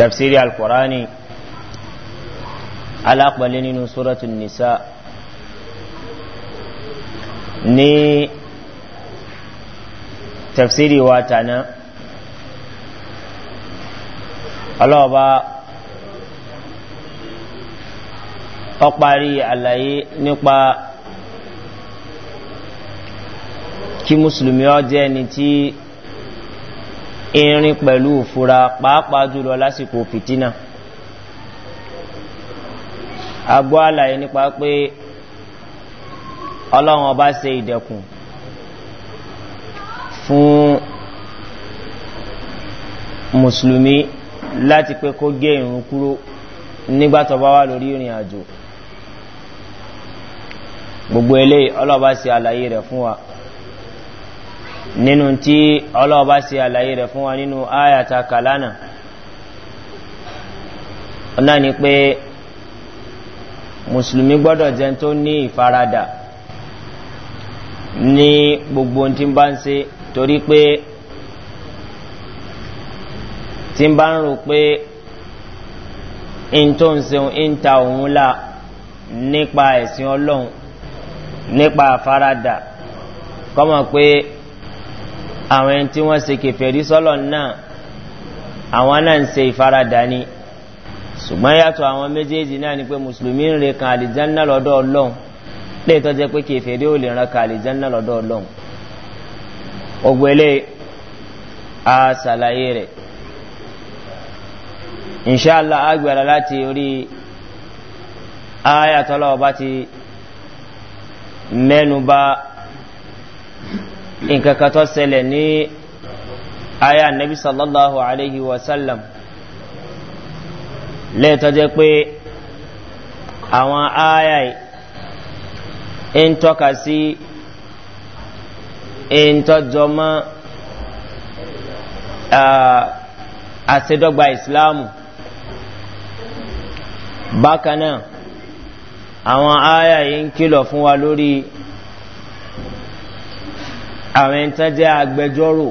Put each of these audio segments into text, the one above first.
tafsiri alkurani alápẹ̀lẹ́ nínú sóràtún nìsá ní tafsiri wa tàná ọlọ́ọ̀bá ọparí àlàyé nípa kí musulmi ọ jẹ́ irin pẹ̀lú òfura pàápàá jùlọ lásìkò fìtínà agbó àlàyé nípa pé ọlọ́run ọba ṣe ìdẹ̀kùn fún mùsùlùmí láti pé kó gé irun kúrò nígbàtọ̀ bá wà lórí ìrìn àjò gbogbo eléyìí ọlọ́ba ṣe àlàyé rẹ̀ fún wa nínú tí ọlọ́ọ̀bá sí àlàyé rẹ̀ fún wa nínú ayata kalana ọ̀nà ni pé mùsùlùmí gbọ́dọ̀ jẹ́ tó ní ìfaradà ní gbogbo tí ń bá ń se torí pé tí ń bá ń rò pé in tó ń seun in ta òun la nípa ẹ̀sìn ọlọ́run nípa àfaradà kọ́mọ̀ pé àwọn ẹni tí wọ́n se kẹfẹ́rí sọ́lọ̀ náà àwọn náà ń se ìfaradà ni ṣùgbọ́n yàtọ̀ àwọn méjèèjì náà ni pé mùsùlùmí ń re kan àlìjánná lọ́dọ̀ ọlọ́run lè tọ́jẹ́ pé kẹfẹ́rí ò lè ran kan àlìjánná lọ́dọ̀ ọlọ́run ògbélé a ṣàlàyé rẹ̀ inṣáàlá agbára láti orí ayatollah ọba ti mẹ́nu bá. nǹkan kan tó ṣẹlẹ̀ aya nabi sallallahu alayhi wa sallam lẹ́ẹ̀tọ́ jẹ́ pé awon aya yìí ń tọ́ka sí ń tọ́jọ́ mọ́ àṣedọ́gba ìsìláàmù bákan náà àwọn aya fún wa lori àwọn ẹ̀ntán jẹ́ agbẹjọ́rò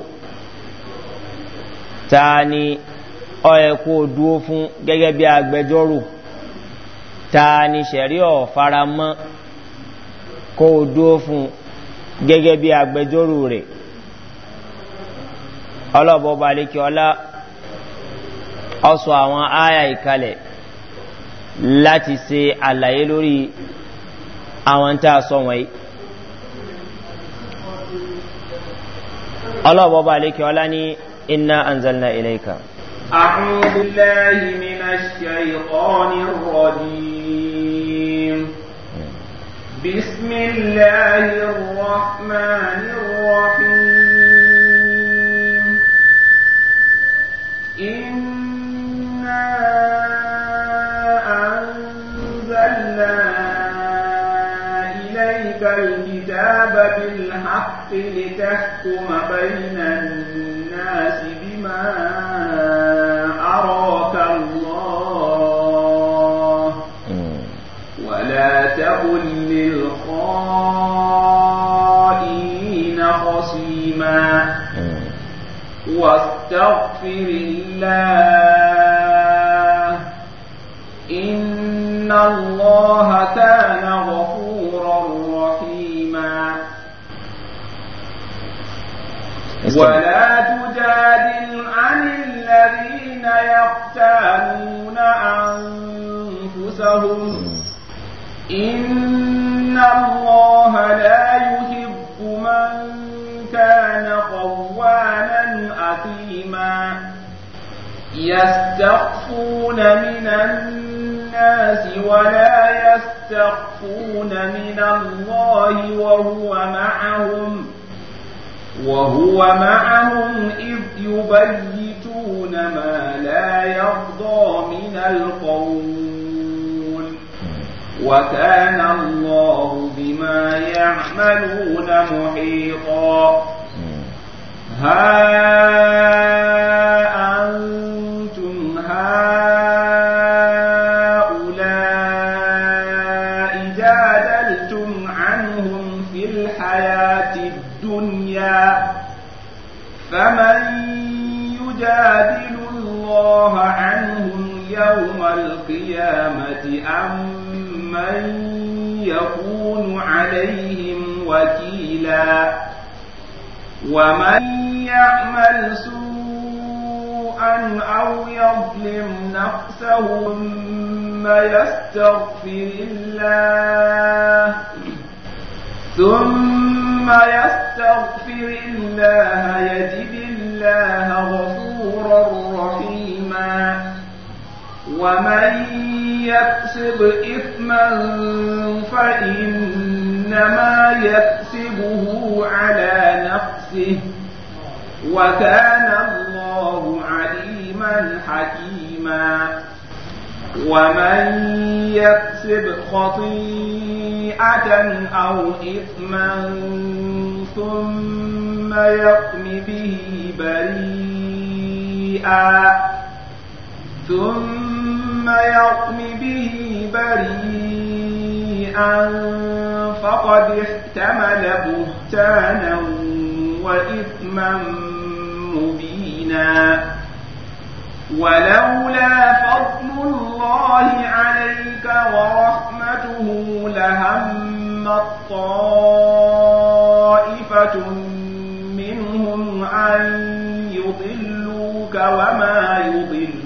ta ni ọ̀yẹ kó dúó fún gẹ́gẹ́ bí agbẹjọ́rò ta ni sẹ̀rí ọ̀faramọ́ kó dúó fún gẹ́gẹ́ bí agbẹjọ́rò rẹ̀ ọlọ́bọ̀ balẹ̀kí ọlá ọsọ àwọn áyà ìkalẹ̀ láti se àlàyé lórí àwọn tá a sọ wọ̀nyí. الله وبا عليك ولا انا انزلنا اليك اعوذ الله من الشيطان الرجيم بسم الله الرحمن الرحيم انا انزلنا اليك الكتاب بالحق لتحكم بين الناس بما أراك الله ولا تكن للخائنين خصيما واستغفر الله إن الله كان ولا تجادل عن الذين يختانون أنفسهم إن الله لا يحب من كان قوانا أثيما يستخفون من الناس ولا يستخفون من الله وهو معهم وهو معهم إذ يبيتون ما لا يرضى من القول وكان الله بما يعملون محيطا الله عنهم يوم القيامة أمن يكون عليهم وكيلا ومن يعمل سوءا أو يظلم نفسه ثم يستغفر الله ثم يستغفر الله يجد الله غفورا رحيما ومن يكسب إثما فإنما يكسبه على نفسه وكان الله عليما حكيما ومن يكسب خطيئة أو إثما ثم يقم به بريئا ثم يقم به بريئا فقد احتمل بهتانا وإثما مبينا ولولا فضل الله عليك ورحمته لهم طائفة منهم أن يضلوك وما يضلوك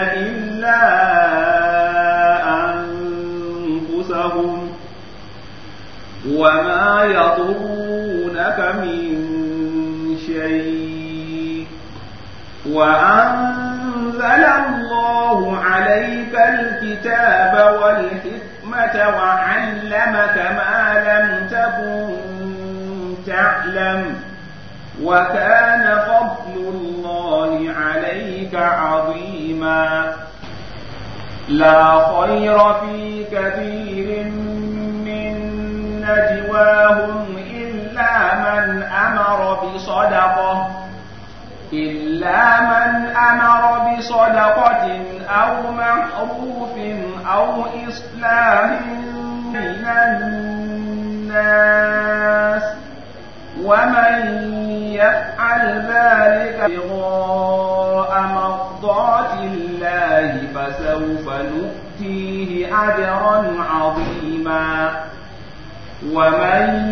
إلا أنفسهم وما يضرونك من شيء وأنزل الله عليك الكتاب والحكمة وعلمك ما لم تكن تعلم وكان فضل الله عليك عظيما لا خير في كثير من نجواهم إلا من أمر بصدقة إلا من أمر بصدقة أو معروف أو إصلاح من الناس ومن يفعل ذلك ابتغاء مرضات الله فسوف نؤتيه أجرا عظيما ومن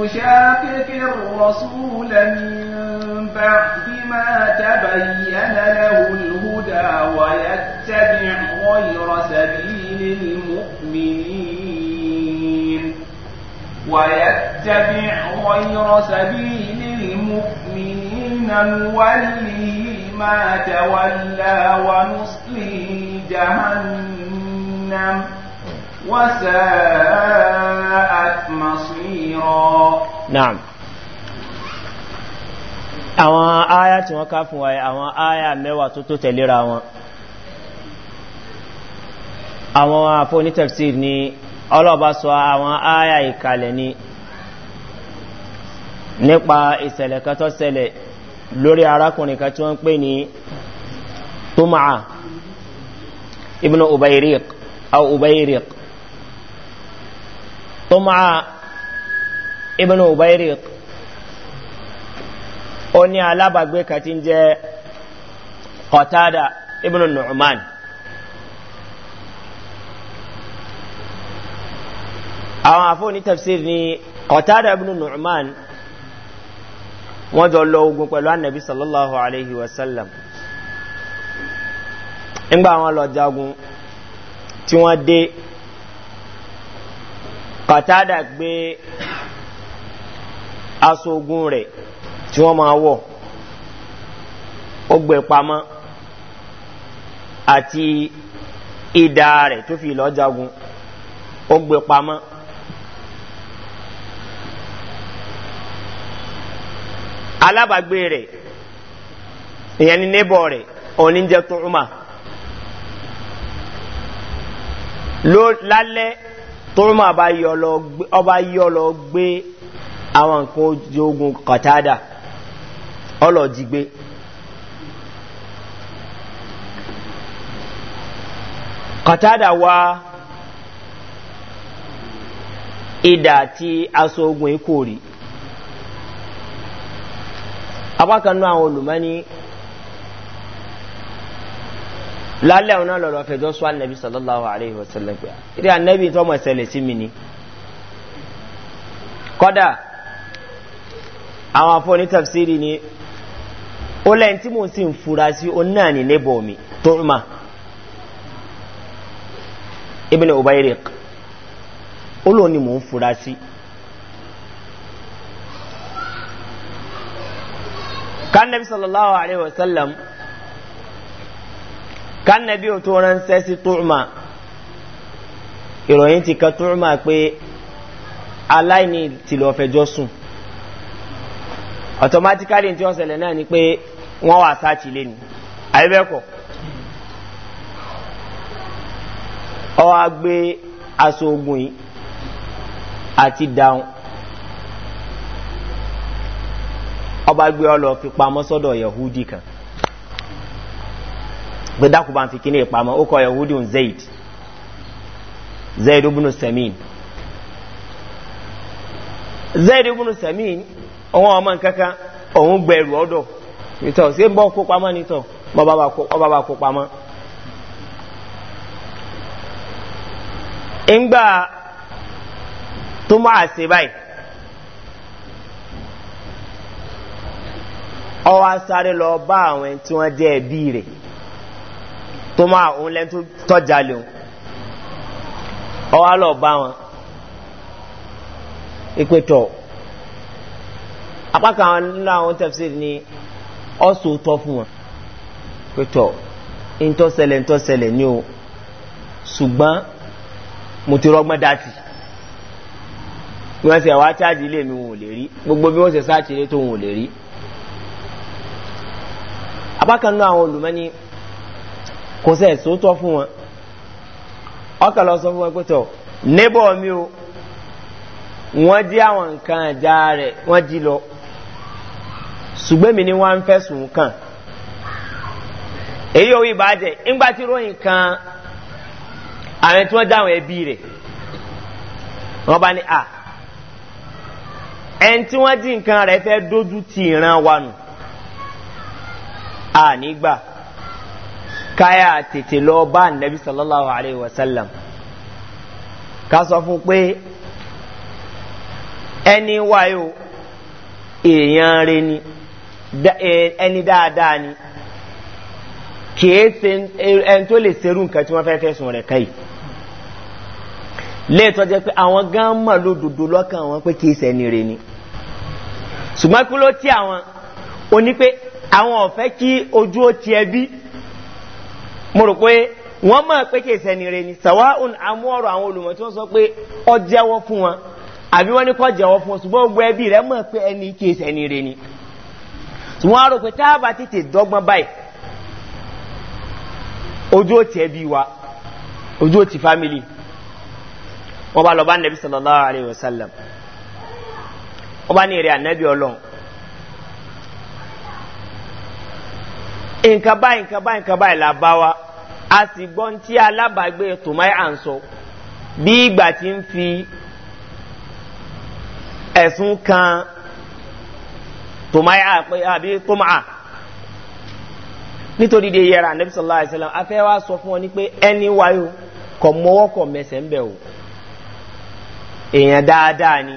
يشاقق الرسول من بعد ما تبين له الهدى ويتبع غير سبيل المؤمنين ويتبع غير سبيل المؤمنين نوليه ما تولى ونصليه جهنم وساءت مصيرا نعم àwọn aya tí wọ́n ká fún wa àwọn aya mẹ́wàá tó tó tẹ̀lera wọn àwọn afọ́ onítẹ̀fsir ni ọlọ́ba sọ àwọn ááyà ìkàlẹ̀ ni nípa ìṣẹ̀lẹ̀ kan tó ṣẹlẹ̀ lórí arákùnrin kan tí wọ́n ń pè ní tómáà ibn ubairik aw ubairik tómáà ibn ubairik ó ní alábàgbé kan ń jẹ́ kọ̀tádà ibn nu'man. àwọn àfọ́ ní tafsir ni ọ̀tádà ibn nu'man wọ́n jọ lọ ogun pẹ̀lú annabi sallallahu alaihi wasallam ńgbà àwọn lọ jagun tí wọ́n dé ọ̀tádà gbé aṣọ ogun rẹ̀ tí wọ́n máa wọ̀ ó gbé pamọ́ àti ìdá rẹ̀ tó fi lọ jagun ó pamọ́ alábàgbé rẹ̀ ìyẹn ni nebo rẹ̀ òní jẹ́ tùrùmà lálẹ́ tùrùmà ọba yọ lọ gbé àwọn nǹkan ogun kọ̀tádà ọlọ́jìgbé kọ̀tádà wa ìdà tí aṣọ ogun ikú rí apákanú àwọn olùmọ́ni lálẹ́ ọ̀nà lọ́rọ̀ fẹjọ́ sọ anabi sallallahu alayhi wa sallam pé ìdí anabi tó mọ̀ ṣẹlẹ̀ sí mi ni kọ́dà àwọn afọ́ni tafsiri ni ó lẹ́yìn tí mo sì ń fura sí ó náà ní níbọ̀ mi tó ń ma ibn ubayrik ó lóun ni mò ń fura sí. kan nabi sallallahu alaihi wa sallam kan nabi o tó ránṣẹ́ sí tuuma ìròyìn ti ka tuuma pé aláìní ti lọ fẹjọ́ sùn automatically tí wọ́n ṣẹlẹ̀ náà ni pé wọ́n wà sáàtì lé ní àyẹ́bẹ́kọ̀ ọwọ́ ogun yìí àti dáhùn ọba gbé ọ lọ fi pamọ́ sọ́dọ̀ yahudi kan pé dákùbà ń fi kíní ìpamọ́ ó kọ yahudi ń zayd zayd ibùnú samin zayd ibùnú samin òun ọmọ nkankan òun gbẹrù ọdọ nítọ ṣé ń bọ kó pamọ́ nítọ ọba bá kó pamọ́. ńgbà tó máa ṣe báyìí. ọwọ́ sáré lọ bá àwọn tí wọ́n jẹ́ ẹbí rẹ̀ tó máa òun tó tọ́jà lòun ọwọ́ lọ bá wọn ìpè tọ̀ apá kan nínú àwọn tẹ̀sí ni ọ fún wọn ìpè tọ̀ o ṣùgbọ́n mo ti mi gbogbo bí wọ́n ṣe tó apákan náà àwọn olùmọ́ni kò sẹ́ ẹ̀ fún wọn ọkà lọ sọ fún wọn pé tọ̀ mi o wọ́n jí àwọn nǹkan ẹ̀já rẹ̀ wọ́n jí lọ ṣùgbọ́n mi ni wọ́n ń fẹ̀sùn kàn èyí ò ìbàjẹ́ ńgbà tí ròyìn kan àwọn tí wọ́n dáhùn ẹbí rẹ̀ wọ́n bá ní wọ́n nǹkan rẹ̀ fẹ́ dójú ti ìran wa nù. a nígbà káyà tètè lọ bá nàbí sallallahu alaihi wasallam ká sọ fún pé ẹni wáyò èèyàn rẹ ni ẹni dáadáa ni kìí ṣe ẹni tó lè ṣerú nǹkan tí wọ́n fẹ́ fẹ́sùn rẹ̀ káyì léètọ́ jẹ́ pé àwọn gan mọ̀ lódodo lọ́kàn wọn pé kìí ṣe ẹni rẹ ni ṣùgbọ́n kí tí àwọn oní pé àwọn ọ̀fẹ́ kí ojú ó ti ẹbí mo rò pé wọ́n mọ̀ pé kí ìsẹ̀ni rẹ ni sàwáhùn amú ọ̀rọ̀ àwọn olùmọ̀ tí wọ́n sọ pé ọ jẹ́wọ́ fún wọn àbí wọ́n ní kọ́ jẹ́wọ́ fún wọn ṣùgbọ́n gbogbo ẹbí rẹ mọ̀ pé ẹni kí ìsẹ̀ni ni wọ́n á rò pé táàbà tètè dọ́gbọ́n báyìí wa ojú ó ti fámìlì wọ́n bá lọ bá nẹ́bí sọ̀lọ́lá àlẹ́ wọ́n sálẹ̀m nǹkan báyìí nǹkan báyìí nǹkan a sì gbọ́ tí alábàágbé tòmáì à ń sọ bí ìgbà tí ń fi ẹ̀sùn kan tòmáì à pé àbí tòmáà nítorí de yẹra anabi sallallahu alayhi wa sallam afẹ́ wa sọ fún ọ ní pé ẹni wáyò kọ̀ mọ́wọ́ mẹsẹ̀ ń o èèyàn dáadáa ni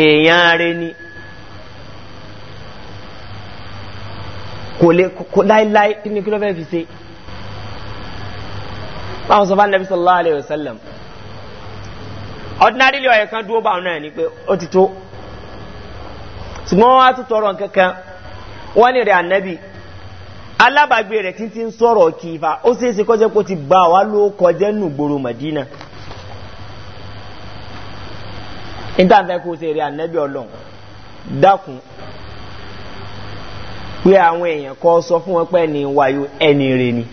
èèyàn rẹ ni. ko le ko lai lay ni ko fi se ba so ba nabi sallallahu alaihi wasallam ordinary lo ya kan duo ba na ni pe o ti to sugbo wa tu toro nkan wani re annabi alabagbe re tin tin soro kifa o se se ko je ko ti gba wa lo ko je nu gboro madina inta be ko se re annabi olon dakun pé àwọn èèyàn kọ́ sọ fún wọn pé ní wáyú ẹni rè ni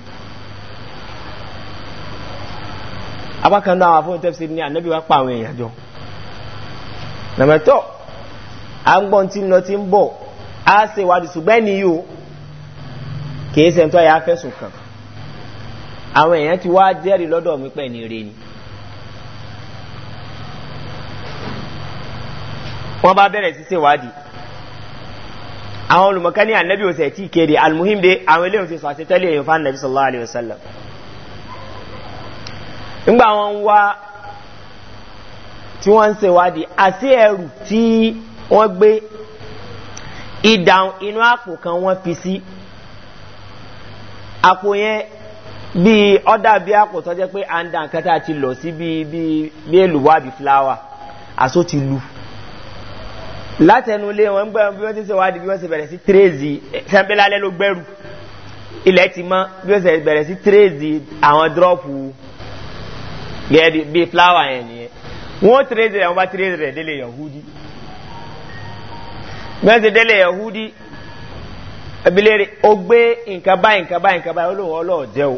abákan náà àwọn afọ́n tẹ́fẹ́ ní ànábì wá pa àwọn èèyàn jọ nàmẹ́tọ́ à ń gbọ́n tí lọ ti ń bọ̀ á ṣe ìwádìí ṣùgbọ́n ẹni yìí o kìí ṣe tó yà á fẹ̀sùn kàn àwọn èèyàn ti wá jẹ́rìí lọ́dọ̀ mi pé ní rè ni wọ́n bá bẹ̀rẹ̀ sí ṣèwádìí àwọn olùmọ̀kání ànábì ò sẹ̀ tí kéde almuhim de àwọn ilé òsèso àti tẹ́lẹ̀ èyàn fún ànábì sọ̀lá àlè òsèlè ńgbà wọn wá tí wọ́n ń sèwádìí àti ẹrù tí wọ́n gbé ìdáhùn inú àpò kan wọ́n fi sí àpò yẹn bíi ọ́dà bíi àpò tọ́jẹ́ pé à ń ti lọ sí bíi bíi bíi fúláwà àsó ti lu látẹnu lé wọn gbẹ bí wọn ti ṣe wádìí bí wọn ṣe bẹrẹ sí tírèzì eh, sẹpẹlálẹ ló gbẹrù ilẹ̀ ti mọ́ bí wọn ṣe bẹrẹ sí tírèzì àwọn dírọ́pù gẹ́gẹ́ bí fúláwà yẹn nìyẹn wọn tírèzì rẹ̀ wọn bá tírèzì rẹ̀ délé yahudi bí wọn ṣe délé yahudi abilere ó gbé nǹkan báyìí nǹkan báyìí nǹkan báyìí olóhùn ọlọ́ọ̀jẹ́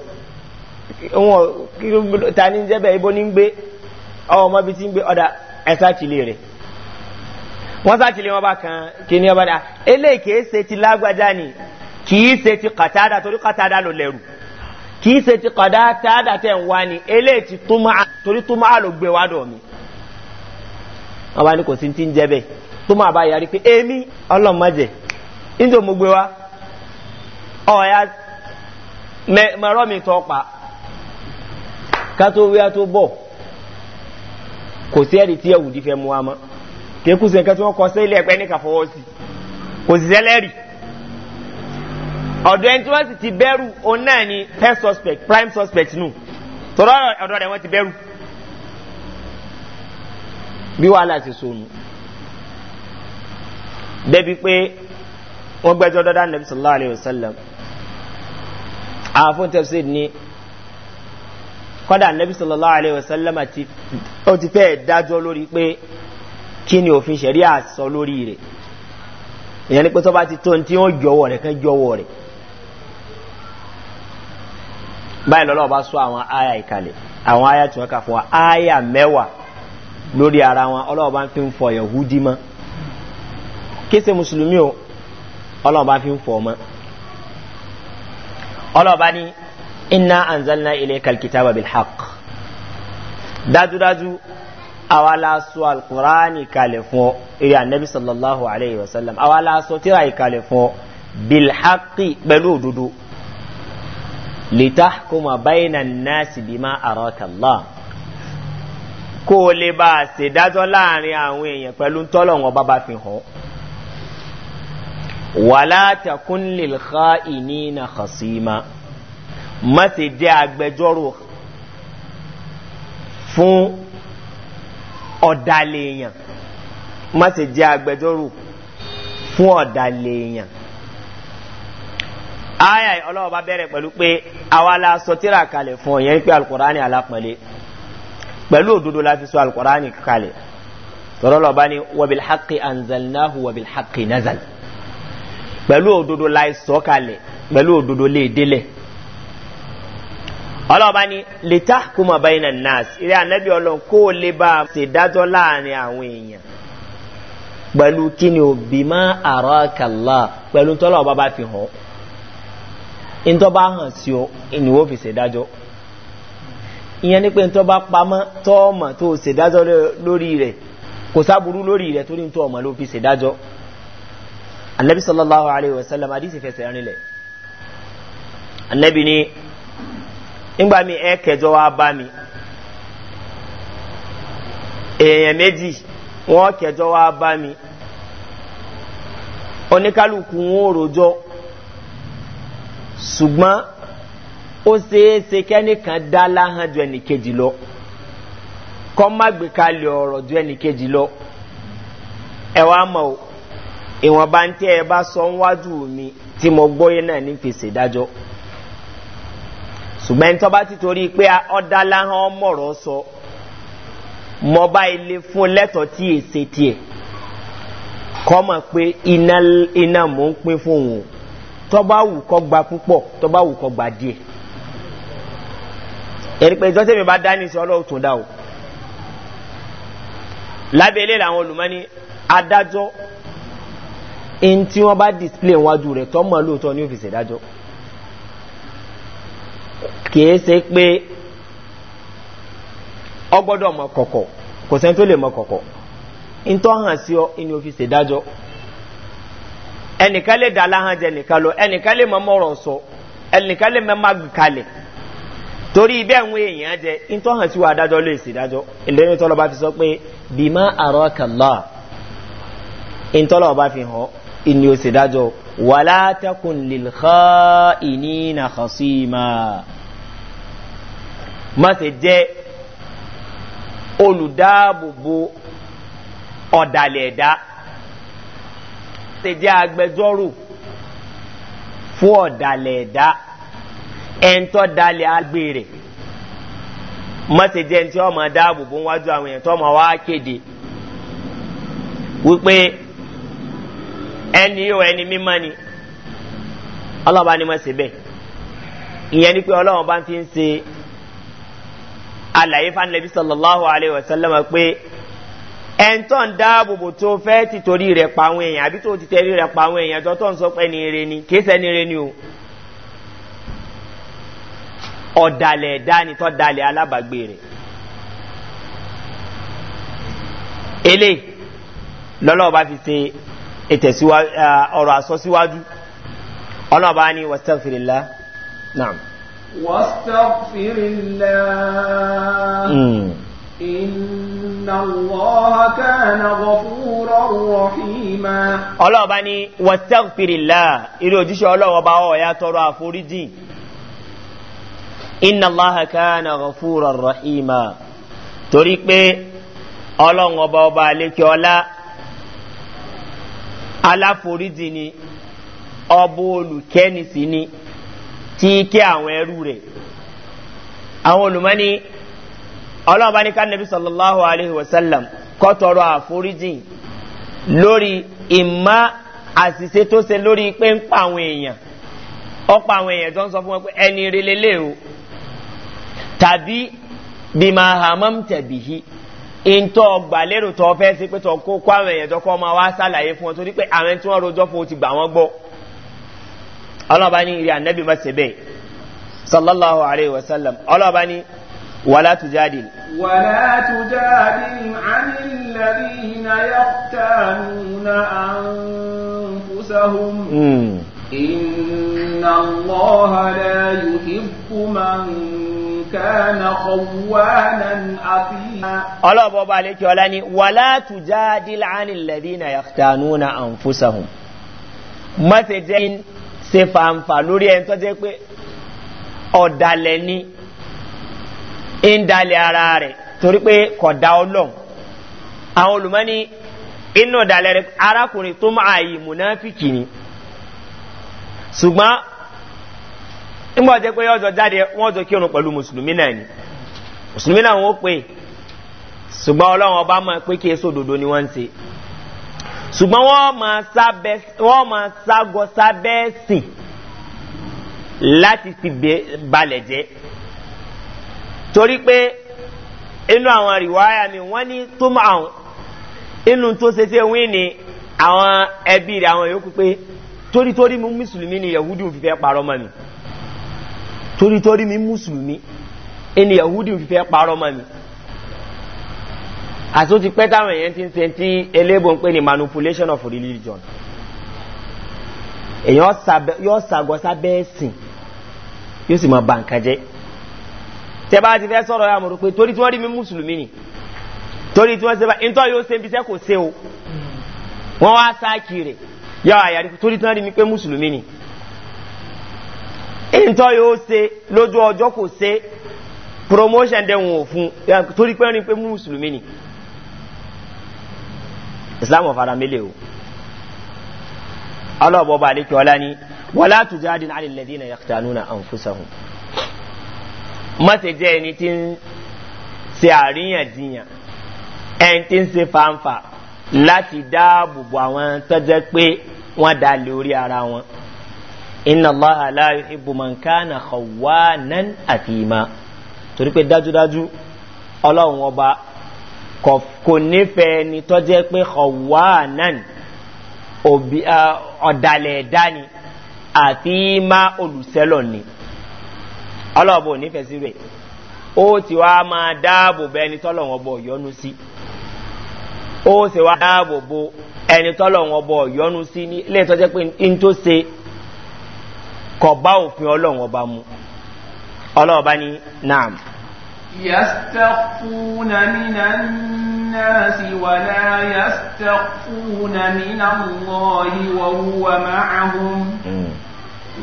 o wọn kí ta ni jẹ́ bẹ́ẹ̀ ibo ni ń gbé ọmọ bíi ti ń gbé ọ̀dà ẹ̀ka tìlé rẹ̀ wọ́n sátìlẹ̀ wọn bá kan kí ọba ah, eléyìí ṣe ti lágbájá ni kìí ṣe ti kàtàdà torí kàtàdà ló lẹ́rù kìí ṣe ti kàtàdà tẹ̀ ń wá ni eléyìí ti túmọ̀ torí túmọ̀ ló gbé wá dọ̀ mi. wọ́n bá ní kò sí ti ń jẹ́ bẹ́ẹ̀ túmọ̀ àbá kéékù sí nǹkan tí wọ́n kọ sí ilé ẹgbẹ́ nìkan fọwọ́ sí kò sì sẹ́lẹ̀rì ọ̀dọ̀ ẹni tí wọ́n sì ti bẹ́rù òun náà ni first suspect prime suspect nù tọ́lọ́ ọ̀dọ̀ rẹ̀ wọ́n ti bẹ́rù bí wàhálà ti sọnù débi pé wọ́n gbẹ́jọ́ dọ́dá nàbí sallallahu alayhi wa sallam àfún tafsir ni kọ́dà nàbí sallallahu alayhi wa sallam ó ti fẹ́ dájọ́ lórí pé kí ni òfin ṣẹ̀rí àsọ lórí rẹ̀ ìyẹn ni pé tó bá ti tó tí wọ́n jọwọ́ rẹ̀ kán jọwọ́ rẹ̀ báyìí lọ́lọ́ bá sọ àwọn aya ìkàlẹ̀ àwọn aya tí wọ́n kà fún wa aya mẹ́wàá lórí ara wọn ọlọ́wọ́ bá fi ń fọ yahudi mọ́ kí ṣe mùsùlùmí o ọlọ́wọ́ bá fi ń fọ mọ́ ọlọ́wọ́ bá ní iná anzalna ilé kalkitaba bilhaq dájúdájú àwa la sọ alukur'ani kalẹ̀ fún ọ eré anabi sallallahu alayhi wa sallam àwa la sọ tíra yìí kalẹ̀ fún ọ bilhaqi pẹ̀lú òdodo litahkuma bayna nasi bima arakallah kó o lè bá a ṣe dájọ́ láàrin àwọn èèyàn pẹ̀lú tọ́lọ̀wọ̀n bá fi hàn wàlá takun lil kha'ini khasima má ṣe jẹ́ agbẹjọ́rò fún ọ̀dàlẹ̀ èèyàn má ṣe jẹ́ agbẹjọ́rò fún ọ̀dàlẹ̀ èèyàn aya ọlọ́wọ́ bá bẹ̀rẹ̀ pẹ̀lú pé àwa la sọ tíra kalẹ̀ fún ọ̀yẹ́ pé alukurani alápọ̀lẹ̀ pẹ̀lú òdodo la fi sọ alukurani kalẹ̀ tọ́lọ́ lọ bá ní wọ́bìl haqqi anzalnahu wọ́bìl haqqi nazal pẹ̀lú òdodo la sọ kalẹ̀ pẹ̀lú òdodo lè délẹ̀ ọlọ́ọ̀bá ni lẹ́tà kùmọ̀ báyìí nà nọ́ọ̀sì eré ànábì ọlọ́run kó o lè bá a ṣèdájọ́ láàrin àwọn èèyàn pẹ̀lú kí ni òbí má àrọ́ kàlá pẹ̀lú tọ́lọ̀ ọba bá fi hàn ntọ́ bá hàn sí o ni wọ́n fi ṣèdájọ́ ìyẹn ni pé ntọ́ bá pamọ́ tọ́ọ̀mà tó ṣèdájọ́ lórí rẹ̀ kò sábúrú lórí rẹ̀ torí ntọ́ọ̀mà ló fi ṣèdájọ́ anabi sallallahu alayhi wa fẹsẹ̀ rinlẹ̀ anabi ni nígbà mi ẹ kẹjọ wa bá mi èèyàn méjì wọn kẹjọ wa bá mi oníkálukú wọn ò rojọ ṣùgbọn ó ṣeéṣe kẹ́nìkan dá láhàn ju ẹnìkejì lọ kọ́ má gbé kalẹ̀ ọ̀rọ̀ ju ẹnìkejì lọ ẹ wá mọ̀ ìwọ̀nba ń tẹ́ ẹ bá sọ wájú mi tí mo gbóyè náà ní fèsì dájọ́ ṣùgbọ́n ẹni tó bá ti torí pé ọ̀dàláhàn mọ̀rọ̀ sọ mọ bá ilé fún lẹ́tọ̀ tí èsè tiẹ̀ kọ́ mọ̀ pé iná mò ń pín fún òun tó bá wù kọ́ gba púpọ̀ tó bá wù kọ́ gba díẹ̀ ẹni pé ìjọ́sẹ̀ mi bá dání sí ọlọ́run tó dá o lábẹ́ ilé làwọn olùmọ́ni adájọ́ ẹni tí wọ́n bá display wájú rẹ̀ tọ́ mọ̀ lóòótọ́ ní òfìsè dájọ́. kìí ṣe pé ọgbọ́dọ̀ mọ kọ̀kọ̀ kò sẹ́ni tó lè mọ kọ̀kọ̀ ntọ́ hàn sí ọ inú òfin ṣèdájọ́ ẹnìkan lè dà láhàn jẹ ẹnìkan lọ ẹnìkan lè mọ mọ́rọ̀ sọ ẹnìkan lè mọ má kalẹ̀ torí bẹ́ẹ̀ ń wé èèyàn jẹ ntọ́ hàn sí wa adájọ́ lè ṣèdájọ́ ìlẹ́yìn tọ́lọ́ bá fi sọ pé bímọ àrọ́ kàlá ntọ́lọ́ bá fi hàn inú òṣèdájọ́ wàlá takùn lìlxá ìní na xasima má se jẹ́ olùdáàbòbò ọ̀dàlẹ̀dá se jẹ́ agbẹjọ́rò fún ọ̀dàlẹ̀dá ẹ̀ńtọ́ dalẹ̀ agbèrè má se jẹ́ ẹ̀ńtí ọmọ dáàbòbò wájú àwọn ẹ̀ńtọ́ ọmọ wa kéde wípé. ẹni yóò ẹni mímọ́ ni Ọlọ́ba ni wọ́n ṣe bẹ́ẹ̀ ìyẹn ni pé ọlọ́wọ́n bá fi ń ṣe àlàyé fanilẹ́bí sallallahu alayhi wa sallam pé ẹ̀ńtọ́ ń dáàbò bò tó fẹ́ ti torí rẹ̀ pa àwọn èèyàn àbí tó ti tẹ̀rí rẹ̀ pa àwọn èèyàn ni kìí sẹ́ni ire ni o ọ̀dàlẹ̀ dání tó dalẹ̀ alábàgbé fi ṣe ọ̀rọ̀ àsọsíwájú ọlọ́ba ni wàstẹ́fìrìlá náà. wàstẹ́fìrìlá iná lọ́ọ̀ká na gọ̀fúrọ̀ rọ̀hìmá. ọlọ́ba ni wàstẹ́fìrìlá ilé òjíṣẹ́ ọlọ́ọ̀ba ọ̀ya tọrọ àforíjì iná lọ́ọ̀ká na gọ̀fúrọ̀ rọ̀hìmá torí pé ọlọ́ọ̀ba ọba àlékè ọlá. aláforíjì ni ọbọ olùkẹ́nìsì ni tí kí àwọn ẹrú rẹ̀ àwọn olùmọ́ni ọlọ́ọ̀bá ní kánàbí sallallahu alaihi wasallam tọrọ àforíjì lórí ìmá àṣìṣe tó ṣe lórí pé àwọn èèyàn ọ̀pọ̀ àwọn èèyàn tó ń sọ fún wọn pé ẹni o tàbí bímọ àhámọ́ ìntọ́ gbàlérò tọ́ fẹ́ sí pé tọ́ kó kó àwọn èèyàn tọ́kọ́ máa wá sàlàyé fún ọ torí pé àwọn tí wọ́n rojọ́ fún o ti gbà wọ́n gbọ́ ọlọ́ba ní ìrìn ànẹ́bí má ṣe bẹ́ẹ̀ sallallahu alayhi wa sallam ọlọ́ba ní wàlá tujadil. wàlá tujadil anilẹ́rìnà yọ̀tàmùnà àǹfùsàhùn. ìnàlọ́hàlẹ̀ yòókì ọlọ́ọ̀bọ̀ bá lè kí ọlá ní wà látù já dílánilẹ̀dí na yàtànú na àǹfúsàhùn mọ́sẹ̀ jẹ́ se fàǹfà lórí ẹni tó jẹ́ pé ọ̀dàlẹ̀ ní ìdàlẹ̀ ara rẹ̀ torí pé kọ̀dá ọlọ́n àwọn olùmọ́ni inú ọ̀dàlẹ̀ arákùnrin tó máa yìí mùnáfíkì ni ṣùgbọ́n nígbà jẹ́ pé ọjọ́ jáde wọ́n jọ kírun pẹ̀lú mùsùlùmí náà ni mùsùlùmí náà wọ́n pè ṣùgbọ́n ọlọ́run ọba mọ̀ pé kí èso òdodo ni wọ́n ń ṣe ṣùgbọ́n wọ́n máa ságọ sábẹ́ sìn láti fi balẹ̀ jẹ́ torí pé inú àwọn àríwáyà mi wọ́n ní tó máa ń inú tó ṣe ṣe wí ni àwọn ẹbí rẹ̀ àwọn yòókù pé torítorí mú mùsùlùmí ni yahudi òfìfẹ́ parọ́ mọ́ mi torí torí mi mùsùlùmí ẹni yahudi fi fẹ́ parọ́ mọ́ mi àti ó ti pẹ́ táwọn èèyàn ti ń se ti elébo ń pè manipulation of religion èèyàn yóò sàgọ́ sábẹ́ ẹ̀sìn yóò sì máa ba nǹkan jẹ́ tẹ́ bá ti fẹ́ sọ̀rọ̀ yà mọ̀ rò pé torí tí wọ́n rí mi mùsùlùmí ni torí tí wọ́n ṣe bá ntọ́ yóò ṣe ń bisẹ́ kò ṣe o wọ́n wá sáà kiri yọ àyàrí torí tí wọ́n rí mi pé mùsùlùmí ni ìntọ́ yóò ṣe lójú ọjọ́ kò ṣe promotion dẹ̀wọ̀n òfun torí pé rí pé mùsùlùmí ni islam ọ̀fara mélòó o ọlọ́ọ̀bọ̀ bá lè kí ọlá ní wọ́n látù jáde náà lè lẹ́dí náà yàtọ̀ àánú náà àǹfùsàhùn má ṣe jẹ́ ẹni tí ń ṣe àríyànjiyàn ẹni tí ń ṣe fàǹfà láti dáàbò bo àwọn tọ́jẹ́ pé wọ́n dalẹ̀ orí ara wọn inna allaha la yuhibbu man kana khawanan atima torí pé dájúdájú ọlọ́run ọba kò nífẹ̀ẹ́ ni tó jẹ́ pé khawanan ọ̀dàlẹ̀ dání àtima olùsẹ́lọ̀ ni ọlọ́ọ̀bọ̀ nífẹ̀ẹ́ sí rẹ̀ ó ti wá máa dáàbò bẹ ẹni tọ́lọ̀wọ̀n ọbọ̀ yọnu sí ó sì wá dáàbò bo ẹni tọ́lọ̀wọ̀n ọbọ̀ yọnu sí ní ilé ìtọ́jẹ́ pé ní tó se kọ bá òfin ọlọ́run ọba mu ọlọ́run ọba ní naam. يستخفون من الناس ولا يستخفون من الله وهو معهم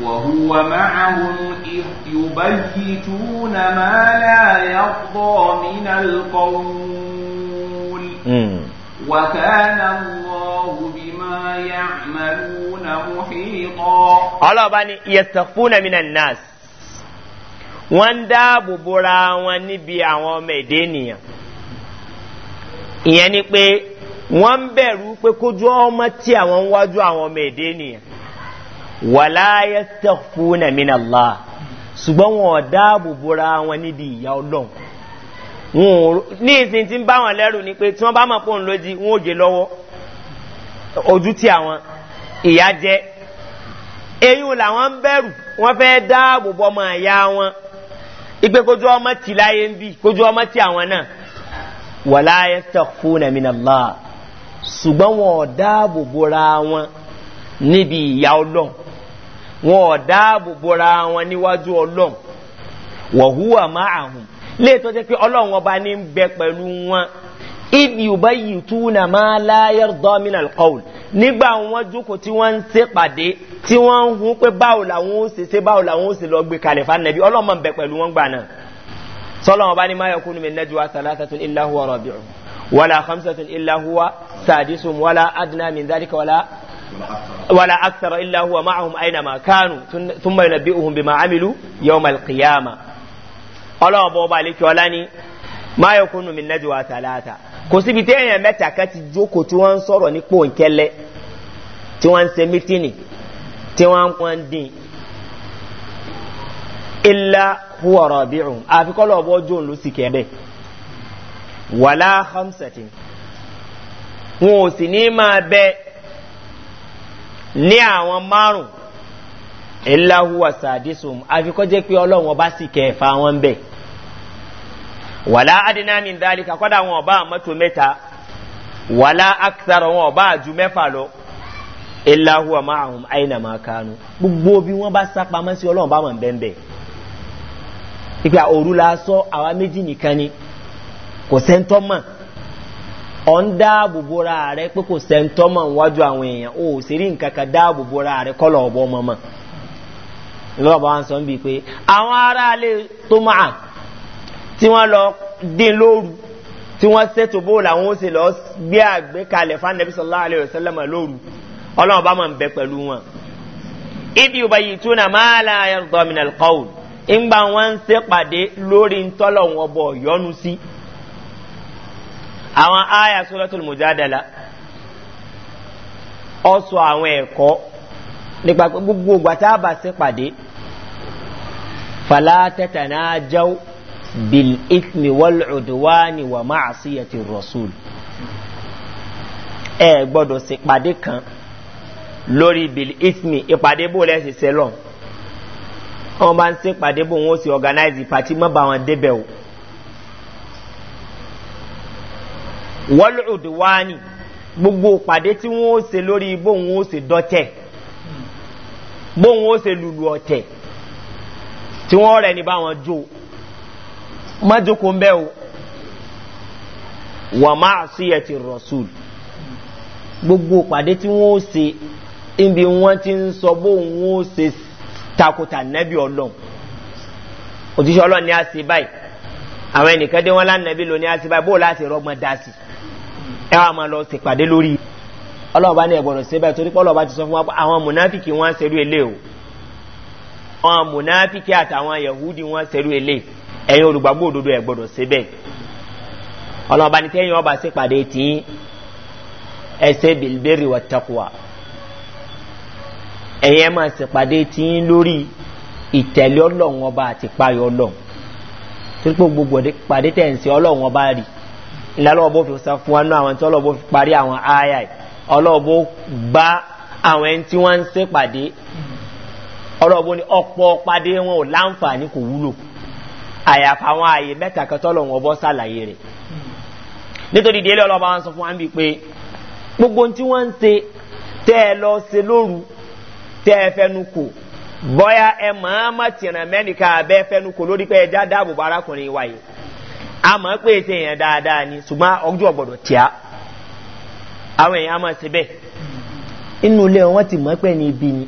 وهو معهم إذ يبيتون ما لا يرضى من القول وكان الله بما يعملون محيطا الله بني يستخفون من الناس wọ́n dáàbò wọn níbi àwọn ọmọ èdè ni pé wọ́n ń bẹ̀rù kójú ọmọ tí àwọn ń àwọn ọmọ èdè ènìyàn wà láyé ní ìsìn tí ń ni pé tí wọ́n bá mọ̀ pé òun ojú tí àwọn ìyá jẹ́ eyín làwọn ń bẹ̀rù wọ́n fẹ́ dáàbò bọ́ ọmọ ìyá wọn ipe kojú ọmọ tì láyé ń bì kojú ọmọ tì àwọn náà wàlá ayẹ́sítàkù nàmínàlá ṣùgbọ́n wọn ò dáàbò bora wọn níbi ìyá ọlọ́run wọn ò dáàbò bora wọn níwájú ọlọ́run wọ̀húwà máa àhùn léètọ́ jẹ́ pé ọlọ́run ọba ní ń bẹ pẹ̀lú wọn ibi yubayi tuna ma layar dominal cowl nígbà wọn jókòó tí wọn ń ṣe pàdé tí wọn ń hun pé báwo làwọn ó ṣe ṣe báwo làwọn ó ṣe lọ gbé kalẹ̀ fún anabi ọlọ́mọ ń bẹ pẹ̀lú wọn gbà náà sọlọ́mọ bá ní má yẹ kúnnú mi wa sàlásàtún iláhu wa máa yẹ kó nùmí nẹ́jọ wa tàlàtà kò síbi tí èèyàn mẹ́ta kan ti jókòó tí wọ́n ń sọ̀rọ̀ ní pòǹkẹ́lẹ́ tí wọ́n ń se mítìnì tí wọ́n ń pọ́n dín ilá huwọ̀rọ̀ bí òun àfikọ́ lọ́wọ́ bọ́ jóun ló sì kẹ́bẹ̀ wàlá hamsati wọn ò sì ní máa bẹ ní àwọn márùn ilá huwọ̀ sàdísùn àfikọ́ jẹ́ pé ọlọ́wọ́n bá sì kẹ́ wọn bẹ́ẹ̀ wàlá adínàmì dálíkà kọ́dà wọn ọba àmọ́tò mẹ́ta wàlá akitara wọn ọba àjù mẹ́fà lọ ilahu wa ma'ahum aina ma kanu gbogbo bí wọn bá sá pamọ́ sí ọlọ́run bá mọ̀ bẹ́ẹ̀ ìpè òru la sọ àwa méjì nìkan ni kò sẹ́ńtọ́ mọ̀ ọ̀ ń dáàbò bora rẹ pé kò sẹ́ńtọ́ mọ̀ níwájú àwọn èèyàn o ò sì rí nǹkan kan dáàbò bora rẹ kọ́lọ̀ ọ̀bọ ọmọ mọ̀ lọ́wọ́ bá wọn sọ ń bi pé àwọn aráalé tó máa tí wọ́n lọ dín lóru tí wọ́n ṣètò bó làwọn ó ṣe lọ gbé àgbékalẹ̀ fanabi sallallahu alayhi wa sallam lóru ọlọ́run bá máa ń bẹ pẹ̀lú wọn. ibi ìbá yìí tún náà máa la domin alcohol ńgbà wọn ń ṣèpàdé lórí ntọ́lọ̀ wọn nípa gbogbo ìgbà tá a bá ṣèpàdé fàlà tẹ̀tẹ̀ náà jẹun bil ifmi wal udwani wa ma'asiyati rasul ẹ gbọdọ sí ìpàdé kan lórí bil ifmi ìpàdé bò lẹsẹ sẹlọ wọn bá ń sí ìpàdé bò wọn ó sì organize ìpàtí mọ bá wọn débẹ o wal udwani gbogbo ìpàdé tí wọn ó se lórí bò wọn ó se dọtẹ bò wọn ó se lulu ọtẹ tí wọn rẹ ní bá wọn jó o májókòó ń bẹ́ o wà máa sí ẹ̀ ti rọ̀ṣùl gbogbo pàdé tí wọ́n ó se ibi wọ́n ti ń sọ bóun ó se takòtà nẹ́bí ọlọ́run òjíṣẹ́ ọlọ́run ni a se báyìí àwọn ẹnìkan dé wọn lánàbí lò ní a se báyìí bóun láti rọgbọn dá sí ẹ wàá máa lọ sèpàdé lórí ọlọ́ọ̀bá ní ẹ̀gbọ́dọ̀ sí báyìí torí pọ́lọ́ọ̀bá ti sọ fún wa àwọn mùnáfíkì wọn ṣerú ilé o àwọn mùnáfíkì àtàwọn yahudi wọn ṣerú ilé o ẹ̀yin olùgbàgbọ́ òdodo ẹ̀ gbọ́dọ̀ ṣe bẹ́ẹ̀ ọlọ́ọ̀bá ni tẹ́yìn ọba sí pàdé tí ẹsẹ̀ bìlbẹ́rì wà takuwa ẹ̀yin ẹ̀ máa sì pàdé tí lórí ìtẹ̀lé ọba àti páyọ ọlọ́run tó gbogbo pàdé tẹ̀ ń sí ọba rí ìlàlọ́wọ́ bó fi sọ fún wa fi parí àwọn àyà ọlọ́wọ́ àwọn ẹni tí wọ́n ń ọlọ́wọ́ àyàfà àwọn ààyè mẹ́ta kẹtọ́lọ̀ wọn bọ́ sàlàyé rẹ̀ nítorí délé ọlọ́ba wọn sọ fún wa ń pé gbogbo tí wọ́n ń se tẹ́ ẹ lọ se lóru tẹ́ ẹ fẹ́nu kò bọ́yá ẹ máa má tìrìn mẹ́nìkà abẹ́ fẹ́nu kò lórí pé dáàbò bá arákùnrin wa a máa pé ètè yẹn dáadáa ni ṣùgbọ́n ọjọ́ ọ̀gbọ̀dọ̀ tíá àwọn èèyàn á máa se bẹ́ẹ̀ inú ilé wọn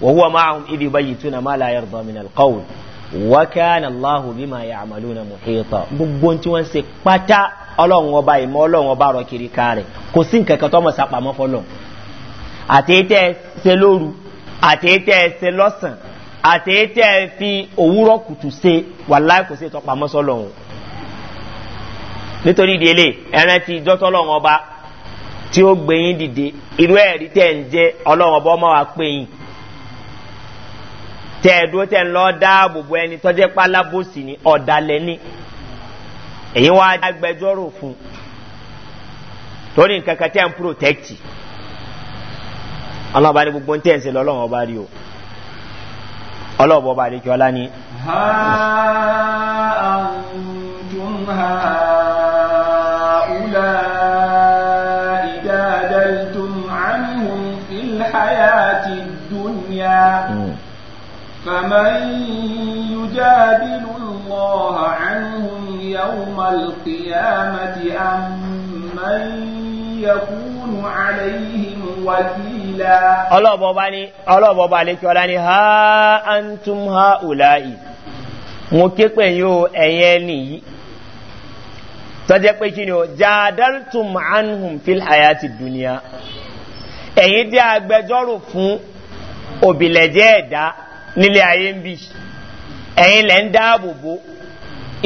wa huwa ma'ahum idh yubayyituna ma la yarda min alqawl wa kana Allah bima ya'maluna muhita gbogbo tí wọ́n ṣe pátá ọlọ́run ọba ìmọ̀ ọlọ́run ọba rọ kiri ká rẹ̀ kò sí nǹkan kan tó mọ̀ sápamọ́ fọlọ́ àtẹ̀tẹ̀ ṣe lóru àtẹ̀tẹ̀ ṣe lọ́sàn àtẹ̀tẹ̀ fi òwúrọ̀ kùtù ṣe wàláì kò sí ìtọ́pamọ́ sọlọ́run nítorí délé dọtọ ti ọba tí ó dìde tẹ̀ẹ̀dó tẹ̀ ń lọ dáàbò bo ẹni tọ́jẹ́ pálábòsì ni ọ̀dàlẹ̀ ni èyí wá agbẹjọ́rò fún torí nǹkan kan tẹ̀ ń protect ọlọ́ọ̀bá ní gbogbo ń tẹ̀ ń se lọ́lọ́wọ́ ọba rí o ọlọ́ọ̀bọ̀ ọba àdékẹ́ ọlá ni. ha فمن يجادل الله عنهم يوم القيامة أم من يكون عليهم وكيلا الله بابا عليك ولا ها أنتم هؤلاء mo ké pè yín o ẹ̀yẹ nìyí tọ́jẹ́ pé kí ni o jadaltum anhum fil hayati dunia ẹ̀yin dí agbẹjọ́rò fún òbílẹ̀jẹ́ ẹ̀dá nílé ayé ń bì ẹ̀yin lẹ́ ń dáàbò bò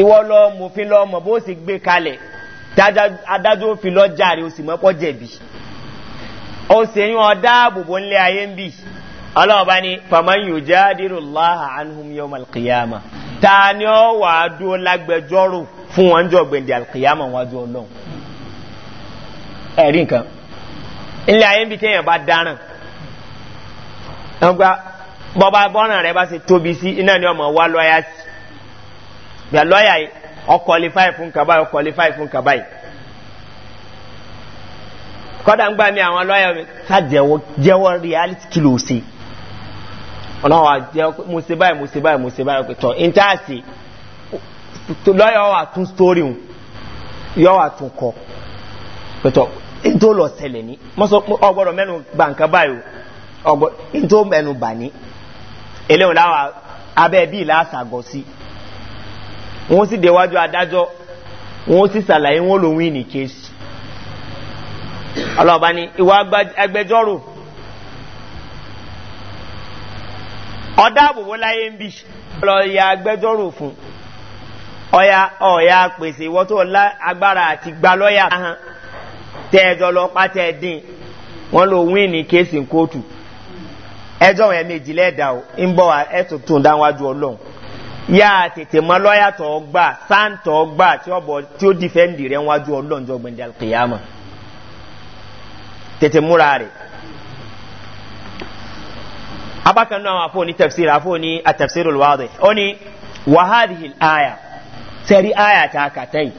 ìwọ lọ mòfin lọ mọ̀ bó sì gbé kalẹ̀ adájọ́ òfin lọ jàre o sì jẹ̀bi ó sì ń wọn dáàbò bò nílé ayé ń bì láhà malkiyama ta ni ó wà á dúró lágbẹjọ́rò fún wọn jọ alkiyama ẹ̀rí nǹkan ayé bọ́ba bọ́ràn rẹ bá ṣe tóbi sí iná ni ọmọ wa lọ́ọ̀yà sí gbà lọ́ọ̀yà yìí ọkọlifáì fún kaba yìí ọkọlifáì fún kaba yìí kọ́dà ń gbà mí àwọn lọ́ọ̀yà mi ká jẹ́wọ́ jẹ́wọ́ reality kí ló ṣe ọlọ́wọ́ àjẹ́ mo ṣe báyìí mo ṣe báyìí mo ṣe báyìí pẹ̀tọ́ intaasi lọ́ọ̀yà wà tún sítórì hùn yọ wà tún kọ pẹ̀tọ́ ntó lọ sẹlẹ̀ ní ọgbọ́dọ̀ mẹ́nu gbàǹkà báyìí ọgbọ́dọ̀ ntó mẹ́nu bà ní eléwọn láwà abẹ́ bíi láàṣàgọ́ sí wọ́n sì déwájú adájọ́ wọ́n sì ṣàlàyé wọn lòun ìní kéésì ọlọ́ọ̀bá ni ìwà agbẹjọ́rò ọ̀dà àbòbó láyé ń bì ọlọ́ọ̀yà agbẹjọ́rò fún ọ̀yà ọ̀yà pèsè ìwọ́ tó agbára àti gba lọ́yà tẹ́ ẹ̀dọ́ lọ́pàá tẹ́ ẹ̀ dín wọ́n lòun ìní kéésì kóòtù ẹjọ́ wọn méjì lẹ́ẹ̀dá o ń bọ̀ wá ẹ̀tún tún dáwájú ọlọ́run yá tètè mọ lọ́yà tó gbà sáǹtọ̀ gbà tí ó bọ̀ tí ó dìfẹ́ǹdì rẹ̀ wájú ọlọ́run jọ gbẹ̀ndẹ̀ kìyàmọ̀ tètè múra rẹ̀ abákan náà àwọn afọ́ni tafsir afọ́ni atafsir olùwádìí ó ní wàhálì àyà sẹ́rí àyà tá a kà tẹ́yì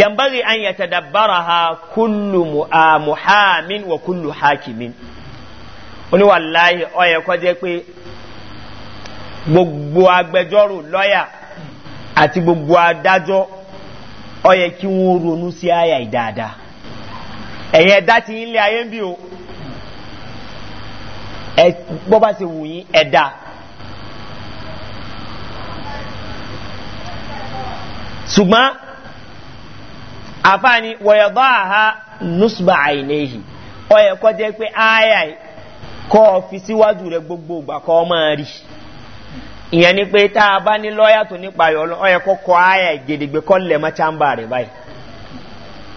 yambari an yatadabbaraha kullu muhamin wa kullu hakimin oníwàláyé ọyẹ kọjẹ pé gbogbo agbẹjọ́rò lọ́yà àti gbogbo adájọ́ ọyẹ kí wọ́n ronú sí àyà ìdáadáa ẹ̀yẹ dá ti ilé ayé ń bí o bọ́ bá ṣe ẹ̀dá ṣùgbọ́n àfáàní àhá nùsùbà ọyẹ kọjẹ pé àyà kọ́ ọ fi síwájú rẹ gbogbo ìgbà kọ́ ọ máa rí ìyẹn ni pé tá a bá ní lọ́ọ̀yà tó nípa ayọ̀ ọ̀yẹ̀ kọ́ kọ́ ayà ìgèdègbè kọ́ lẹ̀ mọ́ chamber rẹ̀ báyìí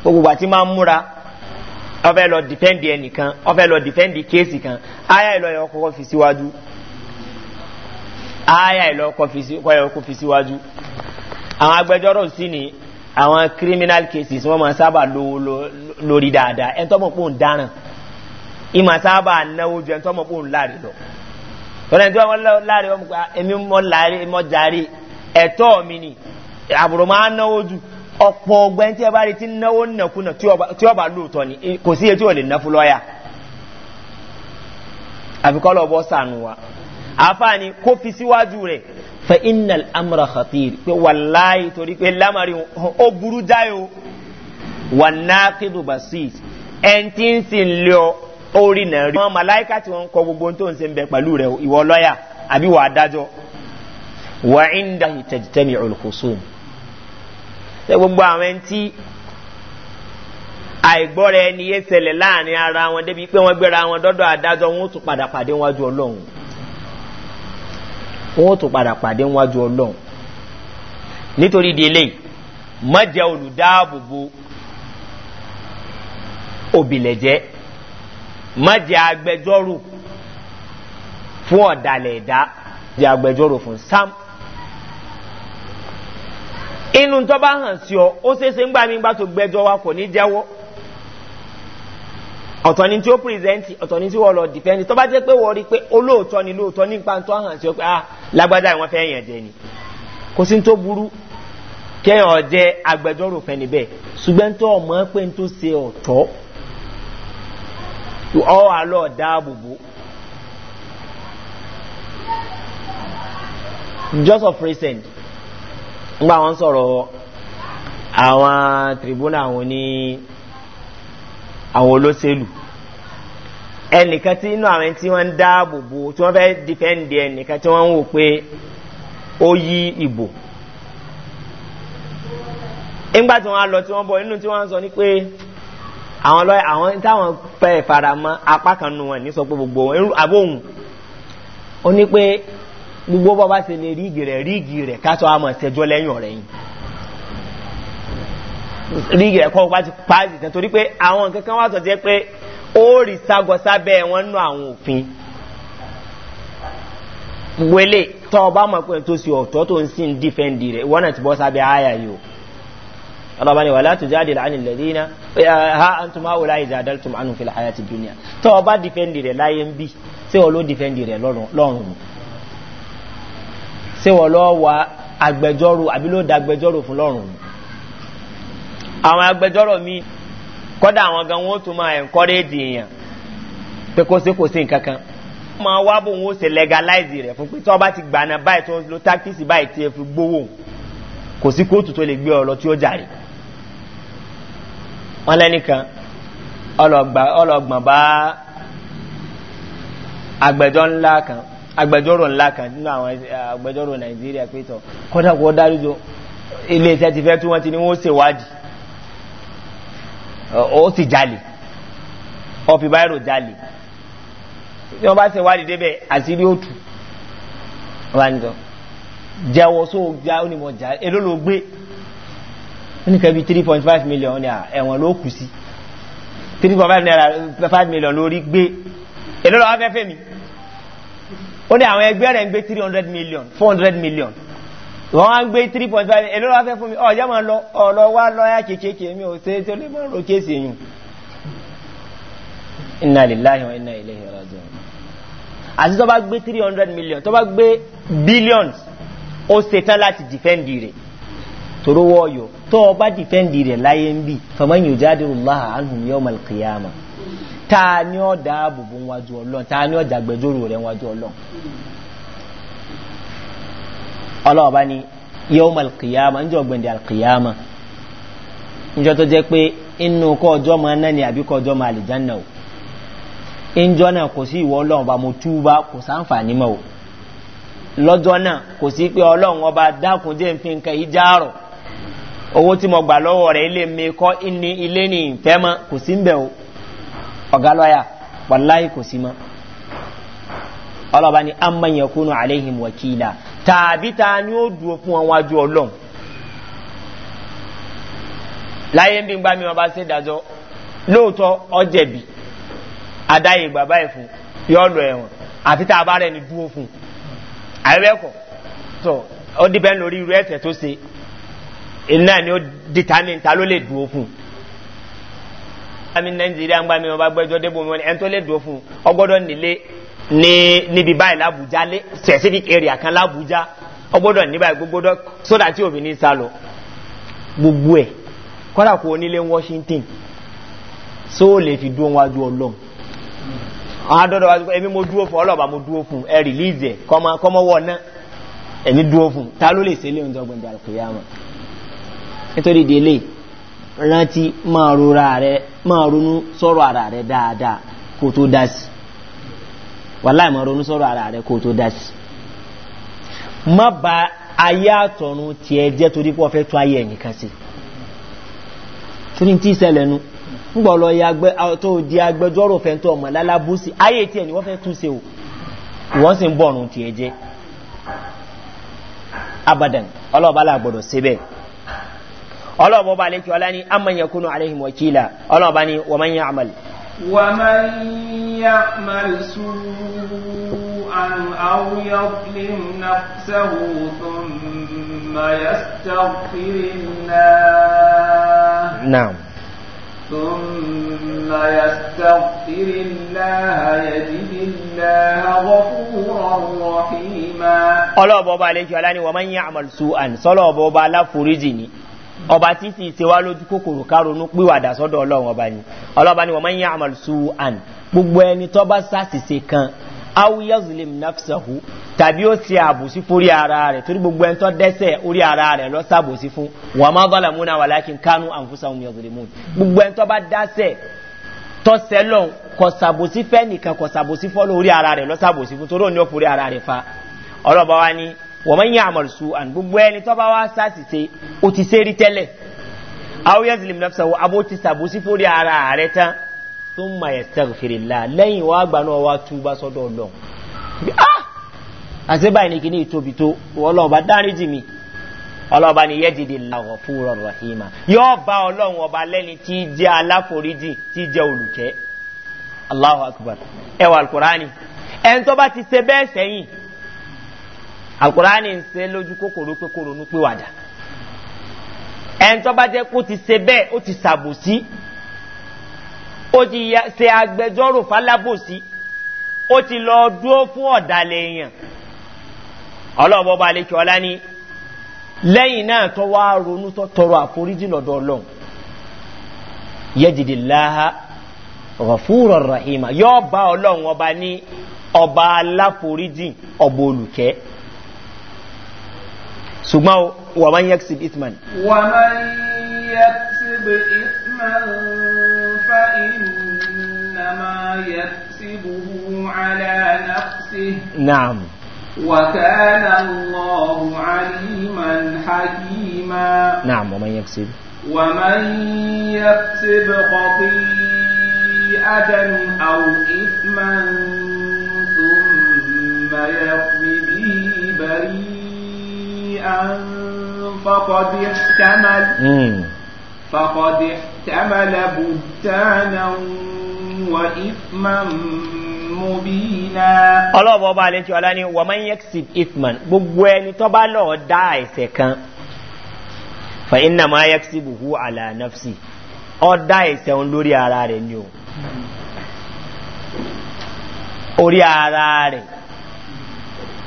gbogbo ìgbà tí máa ń múra ọfẹ́ lọ dìfẹ́ǹdì ẹnìkan ọfẹ́ lọ dìfẹ́ǹdì kéèsì kan ayà ìlọ́yọ̀ kọ́ fi síwájú ayà ìlọ́yọ̀ kọ́ fi síwájú àwọn agbẹjọ́rò sí ni àwọn criminal cases wọ́n máa sábà lórí dáadáa ẹ̀ tọ́mọ̀ pò ń dáràn ìmọ̀ sábà náwó ju ẹni tó mọ̀ pé òun láre lọ lọ́dọ̀ ẹni tó wọ́n láre wọ́n pa ah, èmi mọ̀ láre mọ̀ jàre ẹ̀tọ́ mi ni àbùrọ̀ máa náwó ju ọ̀pọ̀ ọgbẹ́ni tí ẹ bá rí ti náwó nàkúnà tí ọba lóòótọ́ ni kò sí etí ò lè ná fún lọ́ọ̀yà àfikọ́ lọ bọ́ sànù wa àfààní kó fi síwájú rẹ̀ fẹ́ innal amra khatir pé wàláyé torí pé lámàrin ó burú jáyò wà náà kédùbà sí tí ń sìn lé orí náà rí wọn màláìka tí wọn kọ gbogbo tó ń se ń bẹ pẹ̀lú rẹ ìwọ lọ́yà àbí wà á dájọ́ wà á ń da ìtẹ̀jítẹ́mi olùkóso ṣe gbogbo àwọn ẹni tí àìgbọ́ra ẹni yé ṣẹlẹ̀ láàrin ara wọn débi pé wọ́n gbéra wọn dọ́dọ̀ adájọ́ wọn ó tún padà pàdé wájú ọlọ́run wọn ó tún padà pàdé wájú ọlọ́run nítorí délé mọ́jẹ́ olùdáàbòbò òbílẹ̀jẹ́ má jẹ́ agbẹjọ́rò fún ọ̀dàlẹ̀ ẹ̀dá jẹ́ agbẹjọ́rò fún sam inú tó bá hàn sí ọ ó ṣeéṣe ń gbà mí gbà tó gbẹjọ kò ní ọ̀tọ̀ ni tí ó pírẹsẹ̀ntì ọ̀tọ̀ ni tí wọ́n lọ dìfẹ́ndì tó jẹ́ pé wọ́n rí pé olóòótọ́ ni lóòótọ́ nípa tó hàn sí ọ pé ah lágbádá fẹ́ yàn jẹ ni kò sí tó burú kẹ́hìn ọ̀jẹ́ agbẹjọ́rò tó ọ wà lọ dáàbò just of recent ngba wọn sọrọ àwọn tribunal àwọn ní àwọn olóṣèlú ẹnìkan tí inú àwọn tí wọn ń dáàbò bò tí wọn fẹẹ dìpẹǹdì ẹnìkan tí wọn ń wò pé ó yí ìbò nígbà tí wọn lọ tí wọn bọ inú tí wọn sọ ni pé àwọn lọ àwọn táwọn fẹ́ faramọ́ apá kan nu wọn ní sọ pé gbogbo wọn irú abóhùn ó ní pé gbogbo bọ́ bá ṣe lè rígi rẹ̀ rígi rẹ̀ kátó àmọ̀ ṣẹjọ́ lẹ́yìn ọ̀rẹ́ yìí rígi rẹ̀ kọ́ wá ti pààzì tán torí pé àwọn nǹkan kan wá sọ jẹ́ pé ó rí ságọ sábẹ́ wọn nú àwọn òfin wele tọ́ ọ bá mọ̀ pé tó ṣe ọ̀tọ́ tó ń sìn dífẹ́ǹdì rẹ̀ wọ́n náà ti bọ́ sábẹ́ àyà yìí o ọlọ́ba ni wà láti jáde láàánì lẹ́dínà ha antum ha wòlá ìjàdáltum anu fi láyà ti dúnìá tó ọba dìfẹ́ndì rẹ̀ láyé ń bí ṣé wọ́n ló dìfẹ́ndì rẹ̀ lọ́rùn mu ṣé wọ́n lọ́ wa agbẹjọ́rò àbí ló da agbẹjọ́rò fún lọ́rùn mu àwọn agbẹjọ́rò mi kọ́dà àwọn gan wọn tún máa encourage èèyàn pé kó sí kò sí nǹkan kan máa wá bò wọn ó ṣe legalize rẹ̀ fún pé tí wọ́n bá ti gbàna báyìí tó ń lo táktíìsì báyìí tí ẹ fi gbowó kò sí kóòtù tó lè gbé ọ lọ tí ó jàre. wọn lẹ́nìkan ọlọ́gbọ̀n bá agbẹjọ ńlá kan nínú àwọn nla eh, nàìjíríà pé tọ́ kọ́dà kó ilé iṣẹ́ ti fẹ́ tí wọ́n ti ní wọ́n ṣèwádìí ó sì jalè ọ̀fì jalè tí wọ́n bá ṣèwádìí débẹ̀ àṣírí òtù wọ́n bá ń jọ sóò já já nìkan bí 3.5 million ní ẹ̀wọ̀n ló kù sí 3.5 naira 5 million lórí gbé èlò lọ́wọ́ fẹ́fẹ́ mi ó ní àwọn ẹgbẹ́ rẹ̀ ń gbé 300 million 400 million wọ́n wá ń gbé 3.5 èlò lọ́wọ́ fẹ́ fún mi ọ̀jọ́ máa lọ ọ̀lọ́ wá lọ́yà kékeré mi ò ṣe tó lè mọ́ ro kéèsì yìí iná lè láyọ̀ iná ilé ìrọ̀jọ́ àti tó bá gbé 300 million tó bá gbé billions ó ṣetán láti dìfẹ́ǹdì rẹ̀ sòro wọ́ọ̀yọ̀ tó o bá dìfẹ́ǹdì laye láyé ń bì fàmọ́yìn òjáde ọláhà ánùn yóò mọ̀ kìyàmà ta ni ọ́ da bó wájú ọlọ́run ta ni ni o níjọ́ náà mo lọ́jọ́ náà kò sí pé ọlọ́run ọba nfin owó tí mo gbà lọ́wọ́ rẹ̀ ilé mi kọ́ ní ilé ní ìfẹ́ mọ́ kò sí ń bẹ̀ o ọ̀gá lọ́yà wàláyé kò sí mọ́ ọlọ́ba ni àléhìn wàkìlá tàbí ta ni ó dúró fún wọn wájú ọlọ́run láyé ń bí gbá mi wọn bá ṣe dájọ́ lóòótọ́ adáyé bàbá ẹ̀ fún yọ lọ ẹ̀wọ̀n àti fún tó ó dìbẹ́ lórí irú iná ni ó determine ta ló lè dúró fún un àmì nàìjíríà ń gbà mí wọn bá gbẹjọ débò mi wọn ẹni tó lè dúró fún un ọgbọdọ nílé ní níbi báyìí làbújá lé specific area kan làbújá ọgbọdọ níbà gbogbo dọ sódà tí òbí ní sálọ gbogbo ẹ kọ́dà kó onílé washington só so, lè fi dúró wájú ọlọ́run àwọn adọ́dọ̀ wájú ẹ̀mí mo dúró fún ọlọ́ọ̀bá mo dúró fún ẹ̀ rìlíìsì ẹ̀ kọ́mọ wọ̀ náà ẹ̀mí dúró fún ta ló lè ṣe lé oúnjẹ ọgbọ̀n ìdàlùkù yá wọn. nítorí délé rántí máa ronú sọ́rọ̀ ara rẹ̀ dáadáa kó tó dá sí wàláì máa ronú sọ́rọ̀ ara rẹ̀ kó tó dá má ba ayé àtọ̀run tiẹ̀ jẹ́ torí pé ọ̀fẹ́ tó ayé ẹ̀nìkan sí ya tó di agbẹjọ́rò fẹ́ ọmọ lálábùsì ayé tiẹ̀ wọ́n fẹ́ tún ṣe o wọ́n sì ń bọ̀rùn tiẹ̀ jẹ́ abadan ọlọ́ọ̀bá làgbọ̀dọ̀ ọlọ́ọ̀bọ̀ bá lẹ́kì ọlá ní amanyakunu aláhìm wakila ọlọ́ọ̀bá ní wọ́n máa ń yá àmàlì. wọ́n máa ń yá àmàlì sùúrù عن أو يظلم نفسه ثم يستغفر الله نعم ثم يستغفر الله يجد الله غفورا رحيما قال أبو بالك يلاني ومن يعمل سوءا صلى أبو بالا فرجني ọba tí sì ṣe wá lójú kòkòrò káronú pìwàdà sọ́dọ̀ ọlọ́run ọba ni ọlọ́ba ni wọ́n máa ń yá àmàlùsù àn gbogbo ẹni tó bá sàṣìṣe kan awuyazlim nafsahu tàbí ó ṣe àbòsí fún orí ara rẹ̀ torí gbogbo ẹni tó dẹ́sẹ̀ orí ara rẹ̀ lọ sàbòsí fún wà má bọ́là múna wà láàkín kánú àǹfùsàwọn yazlimun gbogbo ẹni tó bá dásẹ̀ tọ́sẹ̀ lọ́n nìkan kò sàbòsí fọ́ ara rẹ̀ lọ sàbòsí fún torí òun fa ọlọ́ba wọ́n máa ń yàn àmọ̀ sùn àn gbogbo ẹni tó bá wá sàṣìṣe ó ti ṣe rí tẹ́lẹ̀ àwòyẹ zilim nafsa wo abó ti sàbòsí fórí ara rẹ tán tó ń mayẹ̀ sẹ́gfìrìlá lẹ́yìn wàá gbà náà wàá túbà sọ́dọ̀ ọlọ́run bí a ah! àti báyìí ni kì í ní ìtóbi tó ọlọ́ọ̀bá dáríjì mi ọlọ́ọ̀bá ni yẹ́dìdì làwọ̀ fún rọrùn rahima yóò bá ọlọ́run ọba lẹ́ni tí í jẹ́ aláforíjì tí í jẹ́ olùkẹ́ ẹwà alukurani ẹni tó bá ti ṣe bẹ́ẹ̀ alukurani ń se lójú kòkòrò koro kò ronú pé bá jẹ́ kó ti se bẹ́ẹ̀ ó ti sàbòsí ó ti se agbẹjọ́rò falábòsí ó ti lọ dúró fún ọ̀dàlẹ̀ èèyàn ọlọ́ọ̀bọ bá lè kí ọlá ní lẹ́yìn náà tó wá ronú tó tọrọ àforíjì lọ́dọ̀ ọlọ́run rọ̀fúrọ̀ rahima ọba ní ọba ọba olùkẹ́ ثم ومن يكسب اثما ومن يكسب اثما فانما يكسبه على نفسه نعم وكان الله عليما حكيما نعم ومن يكسب ومن يكسب خطيئه او اثما ثم يقضي به بريئا شيئا فقد احتمل فقد احتمل بهتانا وإثما ọlọ́ọ̀bọ̀ ọba àlejò ọlá ni wọ́n máa ń yẹ́kìsì ifman gbogbo ẹni tó bá lọ́ọ̀ dá ẹ̀sẹ̀ kan fa iná máa yẹ́kìsì buhu àlànàfsì ọ dá ẹ̀sẹ̀ òun lórí ara rẹ̀ ni o orí ara rẹ̀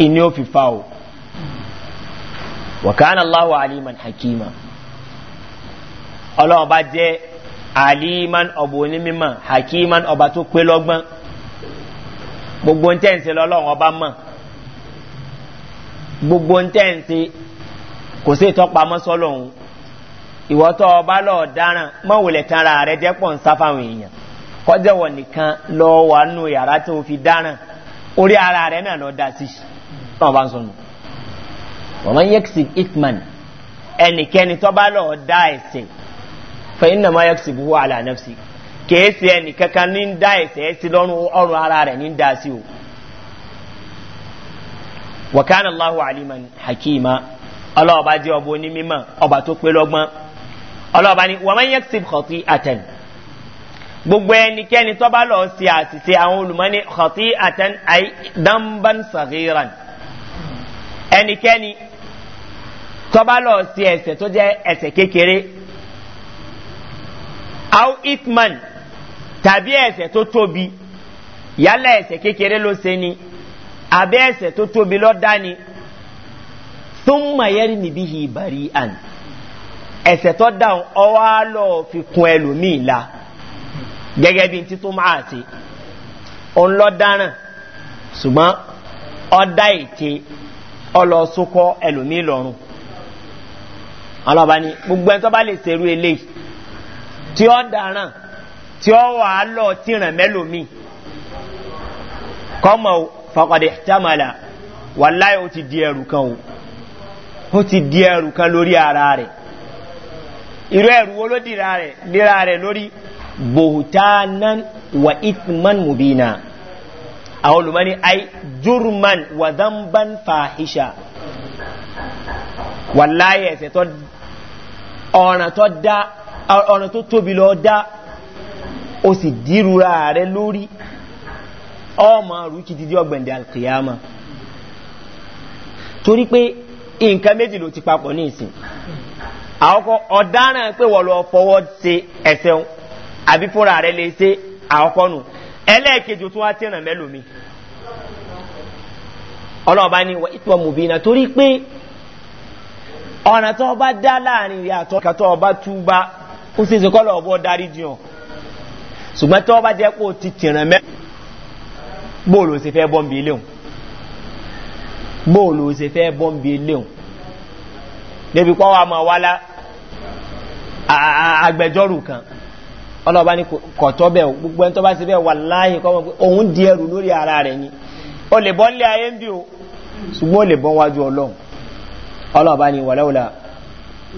ìní ó fi fa o Wakana allahu aliman hakima ọlọ́run bá jẹ́ aliman ọba onímọ̀ hakiman ọba tó pé lọ́gbọ́n gbogbo ń tẹ̀sí lọ́lọ́run ọba mọ̀ gbogbo ń tẹ̀sí kò sí ìtọ́pamọ́ sọ́lọ́run ìwọ́tọ́ ọba lọ́ọ̀ dáràn mọ̀wòlẹ̀ tara rẹ̀ dẹ́pọ̀ ń sáfàwọn èèyàn nìkan lọ́ọ́ wà nù yàrá tó fi dáràn ara rẹ̀ náà lọ́ọ́ dá sí wọ́n máa ń yẹ́kìsì itman ẹnikẹ́ni tó bá lọ́ọ́ dá ẹ̀sẹ̀ fẹ́yìn náà máa yẹ́kìsì buhu àlànàfsì kìí ṣe ẹnìkankan ní ń dá ẹ̀sẹ̀ ẹ̀sì lọ́rùn ọrùn ara rẹ̀ ní ń dá sí o. wàkàna allahu alimani hakima ọlọ́ọ̀bá jẹ́ ọba onímọ̀ ọba tó pé lọ́gbọ́n ọlọ́ọ̀bá ni wọ́n máa ń yẹ́kìsì kọ̀tí àtẹn gbogbo ẹnikẹ́ni tó bá lọ́ọ́ ṣe àṣìṣe àwọn olùmọ́ni kọ̀tí àtẹn àì dánbán sàgíran ẹnikẹ́ni tọ́ba lọ sí ẹsẹ̀ tó jẹ́ ẹsẹ̀ kékeré au itman tàbí ẹsẹ̀ tó tóbi yálà ẹsẹ̀ kékeré ló ṣe ni àbẹ́ ẹsẹ̀ tó tóbi lọ dání súnmọ̀ yẹ́rì níbí yìí bàrí àn ẹsẹ̀ tó dáhùn ọwọ́ á fi kun ẹlòmíì la gẹ́gẹ́ bí títún máa ṣe òun lọ dáràn ṣùgbọ́n ọ̀dá ète ọlọ́sùkọ́ ẹlòmíì lọ́rùn ọlọ́ba ni gbogbo ẹni tó bá lè ṣerú eléyìí tí ó dáràn tí ó wà á lọ tìràn mẹ́lòmíì kọ́mọ fọkàdé tamala wàláyé ó ti di ẹrù kan o ó ti di ẹrù kan lórí ara rẹ̀ irú ẹrù wo ló dira rẹ̀ dira rẹ̀ lórí bohutanan wa ithman mubina àwọn olùmọ́ni ay jurman wa zamban fahisha wàláyé ẹ̀sẹ̀ tó ọ̀nà tó tóbi lọ dá o sì dírúra rẹ lórí ọmọ rúkì dídí ọgbẹ̀ndẹ̀ alkiyama torí pé nǹkan méjì ló ti papọ̀ ní ìsìn àwọ́kọ́ ọ̀daràn pé wọ́n lọ fọwọ́ ṣe ẹ̀sẹ̀un àbí fúnra lè se àwọ́kọ́ nù ẹlẹ́ẹ̀kejì tó wá mẹ́lòmí ọlọ́ọ̀bá ni wọ́n ìtọ́ na torí pé ọ̀nà tó bá dá láàrin ìyá àtọ́ka tó kọlọ túbá ó sì ń sèkọ́ lọ́wọ́ bọ́ jù ti tìràn mẹ́ bóòlù ṣe fẹ́ bọ́m̀bì ilé bóòlù ṣe fẹ́ bọ́m̀bì débi wálá agbẹjọ́rù kan ọlọ́ba ní kọ̀tọ́ gbogbo ẹni tó bá ṣe bẹ́ẹ̀ wà láàyè kọ́ o lè bọ́ nílé ayé ń o ṣùgbọ́n o lè bọ́ wájú ọlọ́run طلبني ولولا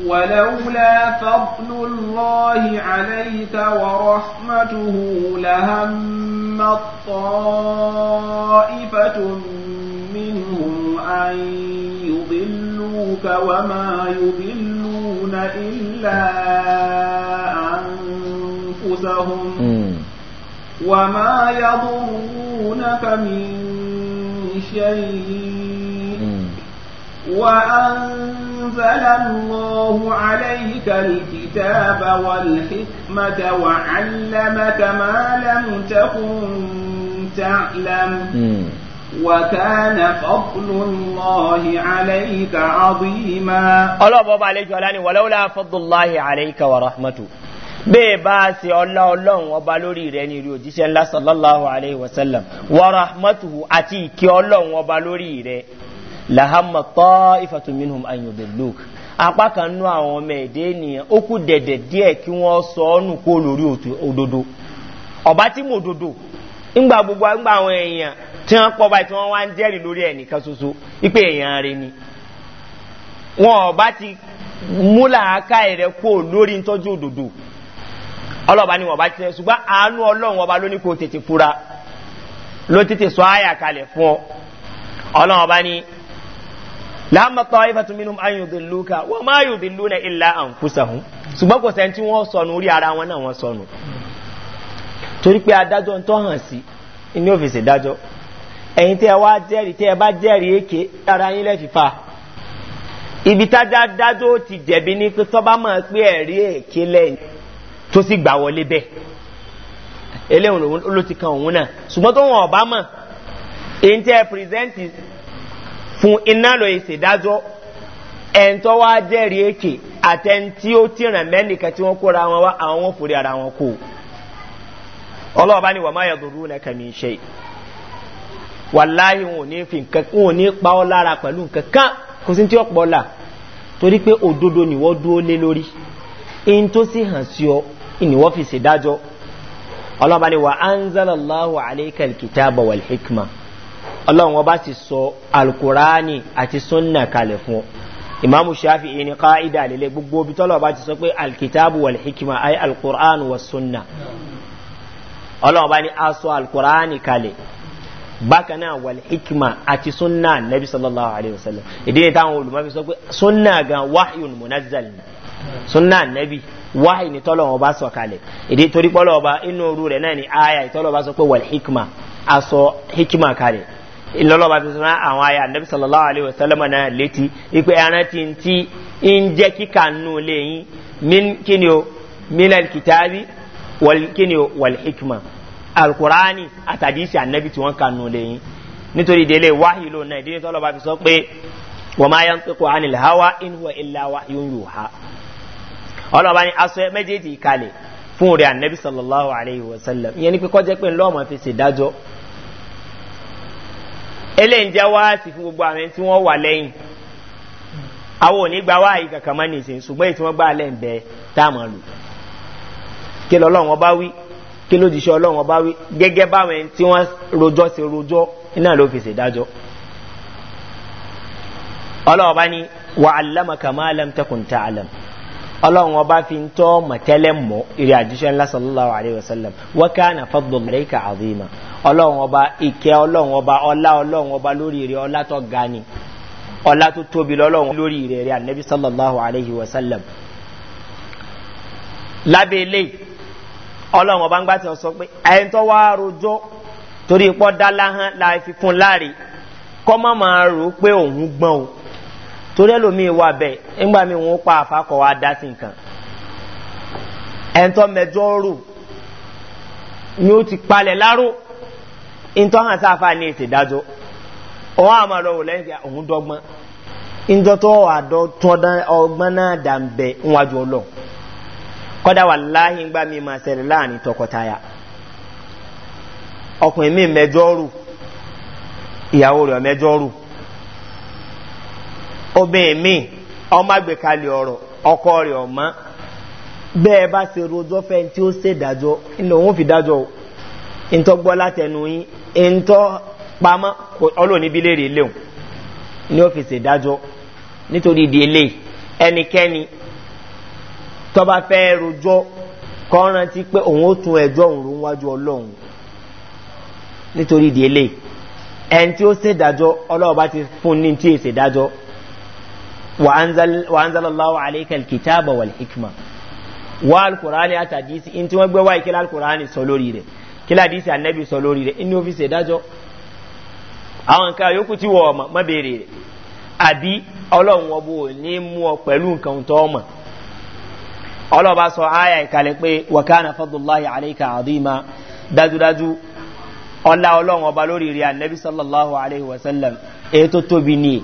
ولولا فضل الله عليك ورحمته لهم طائفة منهم أن يضلوك وما يضلون إلا أنفسهم وما يضرونك من شيء وأنزل الله عليك الكتاب والحكمة وعلمك ما لم تكن تعلم وكان فضل الله عليك عظيما الله بابا عليك ولاني ولولا فضل الله عليك ورحمته bẹ́ẹ̀ bá a ṣe ọlá ọlọ́run ọba lórí rẹ ní rí òjíṣẹ́ ńlá sallallahu alaihi wasallam wa rahmatuhu àti ìkẹ́ ọlọ́run ọba lórí rẹ lahamma ta'ifatu minhum an yudilluk apá kan nu àwọn ọmọ èdè ènìyàn ó kú dẹ̀dẹ̀ díẹ̀ kí wọ́n sọ ọ́ kó lórí òdodo ọ̀bá tí mo dodo ńgbà gbogbo ńgbà àwọn èèyàn tí wọ́n pọ̀ báyìí tí wọ́n wá ń jẹ́rìí lórí ẹnìkan ṣoṣo wípé èèyàn rẹ ni wọn ọ̀bá ti múlà aká rẹ kó lórí ntọ́jú òdodo ọlọ́ba ni wọn ọba ti tẹ ṣùgbọ́n àánú ọlọ́run ọba ló ní kó tètè fura ló tètè sọ àyà fún ọ ọlọ́run ọba ni láàmà tọ́wáyífà tún mínú ayùdìlúkà wọ́n máa yùdìlú na ilá àǹfúsàhún ṣùgbọ́n kò sẹ́ntí wọ́n sọnù orí ara wọn náà wọ́n sọnù torí pé adájọ́ ń tọ́ hàn sí ní òfìsì dájọ́ ẹ̀yin tẹ́ wá jẹ́rìí tẹ́ bá jẹ́rìí èké ara yín lẹ́fìfà ibi tájá dájọ́ ti jẹ̀bi ní pé tọ́ bá máa pé ẹ̀rí èké lẹ́yìn tó sì gbà wọlé bẹ́ẹ̀ eléyìn ló ti kan òun náà ṣùgbọ́n tó wọn ọ̀bá mọ̀ èyí tẹ́ pírẹ́sẹ́ntì fún iná lọ ìṣèdájọ́ ẹ̀ńtọ́ wá jẹ́rìí èkè àtẹ̀ntí ó ti ràn mẹ́nìkan tí wọ́n kóra wọn wá àwọn wọn fòrí ara wọn kó ọlọ́ọ̀bá ni wàá máyà dòdò náà kàmí ṣe wàláhì wọn ò ní fi nǹkan wọn ò ní pa ọ́ lára pẹ̀lú nǹkan kan kò sí tí ó pọ̀ là torí pé òdodo ni wọ́n dúró lé lórí in tó sì hàn sí ọ ni wọ́n fi ṣèdájọ́ ọlọ́ọ̀bá ni wàá anzalallahu alayhi kalkita bawal hikma ọlọ́run ọba sì sọ alukurani àti sunna kalẹ̀ fún ọ imaamu shafi ini ka'ida lele gbogbo obi tọ́lọ̀ ọba ti sọ pé alkitabu wal hikima ay alkuran wa sunna ọlọ́run ọba ni a sọ alukurani kalẹ̀ bákan náà wal hikima àti sunna nabi sallallahu alayhi wa sallam ìdí ni táwọn olùmọ̀ fi sọ pé sunna gan wahyun munazzal ni sunna nabi wahyi ni tọ́lọ̀ ọba sọ kalẹ̀ ìdí torí pọ́lọ̀ ọba inú oru rẹ̀ náà ni aya ìtọ́lọ̀ ọba sọ pé wal hikima a sọ hikima kalẹ̀ ìlọ́lọ́ba fi sọ́nà àwọn ayé ànábi sọ̀lọ́lá àlẹ́ wọ̀sálẹ́mọ̀ náà létí ipe ẹran ti ń ti ń jẹ́ kíkà nù lẹ́yìn kíni o minal kitabi kíni o wal hikma alukurani àtàdísì ànábi tí wọ́n kà nù lẹ́yìn nítorí délé wáyé ló náà ìdílé tọ́lọ́ba fi sọ pé wọ́n máa yàn pípọ̀ ànil hawa inú ilá wa yóò yò ha ọlọ́ba ni aṣọ méjèèjì kalẹ̀ fún rẹ̀ ànábi sọ̀lọ́lá àlẹ́ wọ̀sálẹ́m ìyẹn ni pé kọ́jẹ́ eléyìí jẹ́ wáàsì fún gbogbo àwọn tí wọ́n wà lẹ́yìn àwọn ò ní gba wáàyí kankan mọ́ nìsín ṣùgbọ́n èyí tí wọ́n gbà lẹ́yìn bẹ́ẹ̀ táàmù lò kí lọ́lọ́run ọba wí kí lójúṣe ọlọ́run ọba wí gẹ́gẹ́ báwọn tí wọ́n rojọ́ sí rojọ́ iná ló fi ṣèdájọ́ ọlọ́run ọba ní wàhálà màkàmá àlàm tẹkùntà àlàm. ọlọ́run ọba fi ń tọ́ mọ̀tẹ́lẹ̀ mọ́ ìrìn àjíṣẹ́ sallallahu alayhi wa sallam wọ́n na fọ́gbọ̀n mẹ́ríkà àdìmọ̀ ọlọ́run ọba ìkẹ́ ọlọ́run ọba ọlá ọlọ́run ọba lórí rẹ̀ ọlá tó ga ni ọlá tó tóbi lọ́lọ́run lórí sallallahu alayhi wa sallam. lábẹ́ ilé ọba ń torí ẹlòmíì wà bẹ́ẹ̀ ńgbà mi wọn pa àfakọ̀ wa dá sí nǹkan ẹ̀ńtọ́ rò ni ó ti palẹ̀ láró ńtọ́ hàn sáfà ní ìṣèdájọ́ ọ̀hún àmọ́ lọ́wọ́ lẹ́yìn pé òun dọ́gbọ́n ńjọ́ tó àdọ́ tọ́dán ọgbọ́n náà dà ń bẹ níwájú ọlọ́run kọ́dà wà láàyè ńgbà mi máa ṣẹlẹ̀ láàrin tọkọtaya ọkùnrin mi mẹjọ rò ìyàwó rẹ̀ mẹjọ rò. obìnrin mi ọmọ àgbékalẹ̀ ọ̀rọ̀ ọkọ rẹ̀ bẹ́ẹ̀ bá ṣe rojọ́ fẹ́ tí ó ṣe dájọ́ ilẹ̀ òun fi dájọ́ o ìtọ́gbọ́ látẹnu pamọ́ bí ní ó fi ṣe dájọ́ nítorí ìdí eléyìí ẹnikẹ́ni tọ́ba fẹ́ rojọ́ kọ́ rántí pé òun ó tún ẹjọ́ òun rún wájú wa anzalallahu alayka alkitaba wal hikma wa alqur'ani atadisi in ti won gbe wa ikila alqur'ani so lori re kila hadisi annabi so lori re in office dajo àwọn nǹkan yòókù tí wọ́n mọ̀ béèrè rẹ̀ àbí ọlọ́run ọbọ ò ní mú ọ pẹ̀lú nǹkan tó mọ̀ ọlọ́ba sọ àyà ìkàlẹ̀ pé wakana fadulahi alayka adima dájúdájú ọlá ọlọ́run ọba lórí rẹ̀ anabi sallallahu alayhi wa sallam èyí tó tóbi nìyí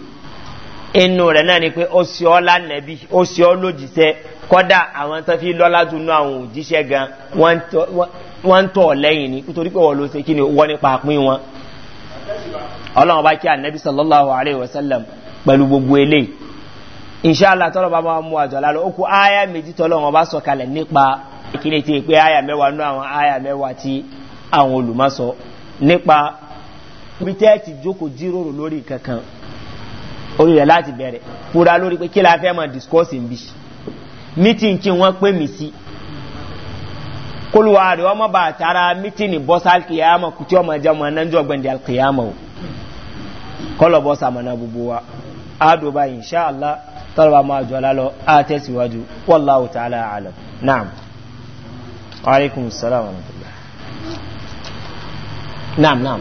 inú rẹ̀ náà ni pé ó sì ọ́ lánàbí ó sì ọ́ lójíṣẹ́ kọ́dà àwọn tó fi lọ́lá dùn náà àwọn òjíṣẹ́ gan wọ́n ń tọ̀ lẹ́yìn ni nítorí pé wọ́n ló ṣe kí ni wọ́n nípa pín wọn. ọlọ́run bá kí ànábì sallallahu alayhi wa sallam pẹ̀lú gbogbo eléyìí inṣàlá tọ́lọ́ bá máa mú àjọ lálọ́ ó kú áyà méjì tọ́lọ́run bá sọ̀kalẹ̀ nípa kí ni ti pé áyà mẹ́wàá nú àwọn áyà mẹ́wàá tí àwọn olùmọ̀sọ nípa bí jókòó jíròrò lórí kankan o rẹ̀ láti bẹ̀rẹ̀ fúra lórí pé kí la fẹ́ máa discourse ń bí kí wọ́n pè mí sí kólúwa ọmọ bá tara mítìn bọ́sà kìyàmọ̀ kùtì ọmọ jẹ́ ọmọ náà gbẹ̀ndẹ̀ kìyàmọ̀ o kọ́lọ̀ bọ́sà mọ̀nà gbogbo wa àdùbà inṣàlá tọ́lọ́wà máa jọ lálọ́ àtẹ̀síwájú naam naam naam.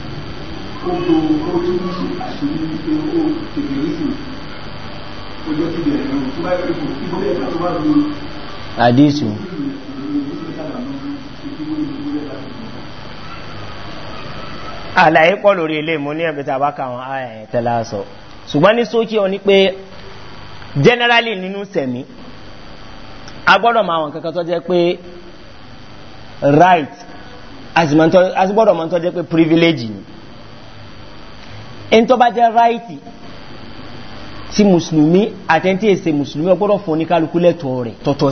ó do ó tún àṣírí pé ó tètè rísì ó jẹ́ ti bẹ̀rẹ̀ náà tó bá yẹ kó ibo lẹ́ẹ̀ta tó bá lo. àdísù. àlàyé pọ̀ lórí ilé mo ní ẹ̀bí tàbá káwọn tẹ́lá sọ ṣùgbọ́n ní sókè ọ ní pé generally nínú sẹ̀mí a gbọ́dọ̀ máa wọn kankan tó jẹ́ pé right a sì gbọ́dọ̀ máa tó jẹ́ pé privilege ni. ẹni tó bá jẹ́ ráìtì tí mùsùlùmí àtẹ́ntí èsè fún ní kálukú lẹ́tọ̀ọ́ rẹ̀ tọ́tọ́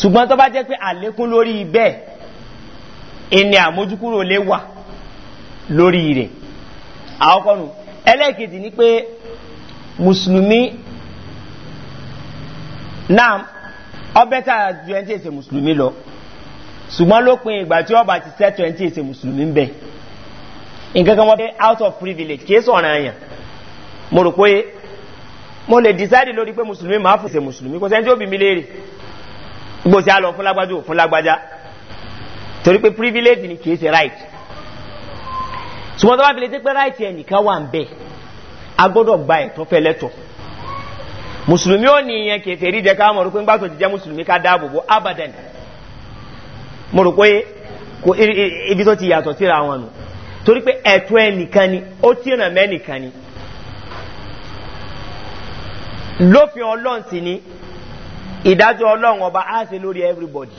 ṣùgbọ́n tó bá pé àlékún lórí bẹ́ẹ̀ ẹni àmójúkúrò lé wà lórí rẹ̀ àwọ́kọ́nù ẹlẹ́ẹ̀kejì ni pé náà ju lọ ṣùgbọ́n lópin ìgbà tí ọba ti sẹ́tọ̀ ẹni tí bẹ́ẹ̀ nǹkan kan wọ́n out of privilege kìí sọ̀rọ̀ àyàn mo rò pé mo lè decide lórí pé mùsùlùmí máa fò ṣe mùsùlùmí kò sẹ́ni tí ó bì mí léèrè gbogbo sí àlọ́ fún lágbájú fún lágbájá torí pé privilege ni kìí ṣe right ṣùgbọ́n tó bá fi lè dé pé right ẹ̀ nìkan wà ń bẹ̀ a gbọ́dọ̀ gba ẹ̀tọ́ fẹ́ lẹ́tọ̀ mùsùlùmí ò ní ìyẹn kìí fèrí jẹ ká mo pé ńgbà tó ti jẹ́ mùsùlùmí ká dáàbò bo abadan mo rò pé ibi tó ti yàtọ̀ síra wọn nù torí pé ẹ̀tọ́ ẹnìkan ni ó tí ìràn mẹ́nìkan ni lófin ọlọ́run sì ni ìdájọ́ ọlọ́run ọba á se lórí everybody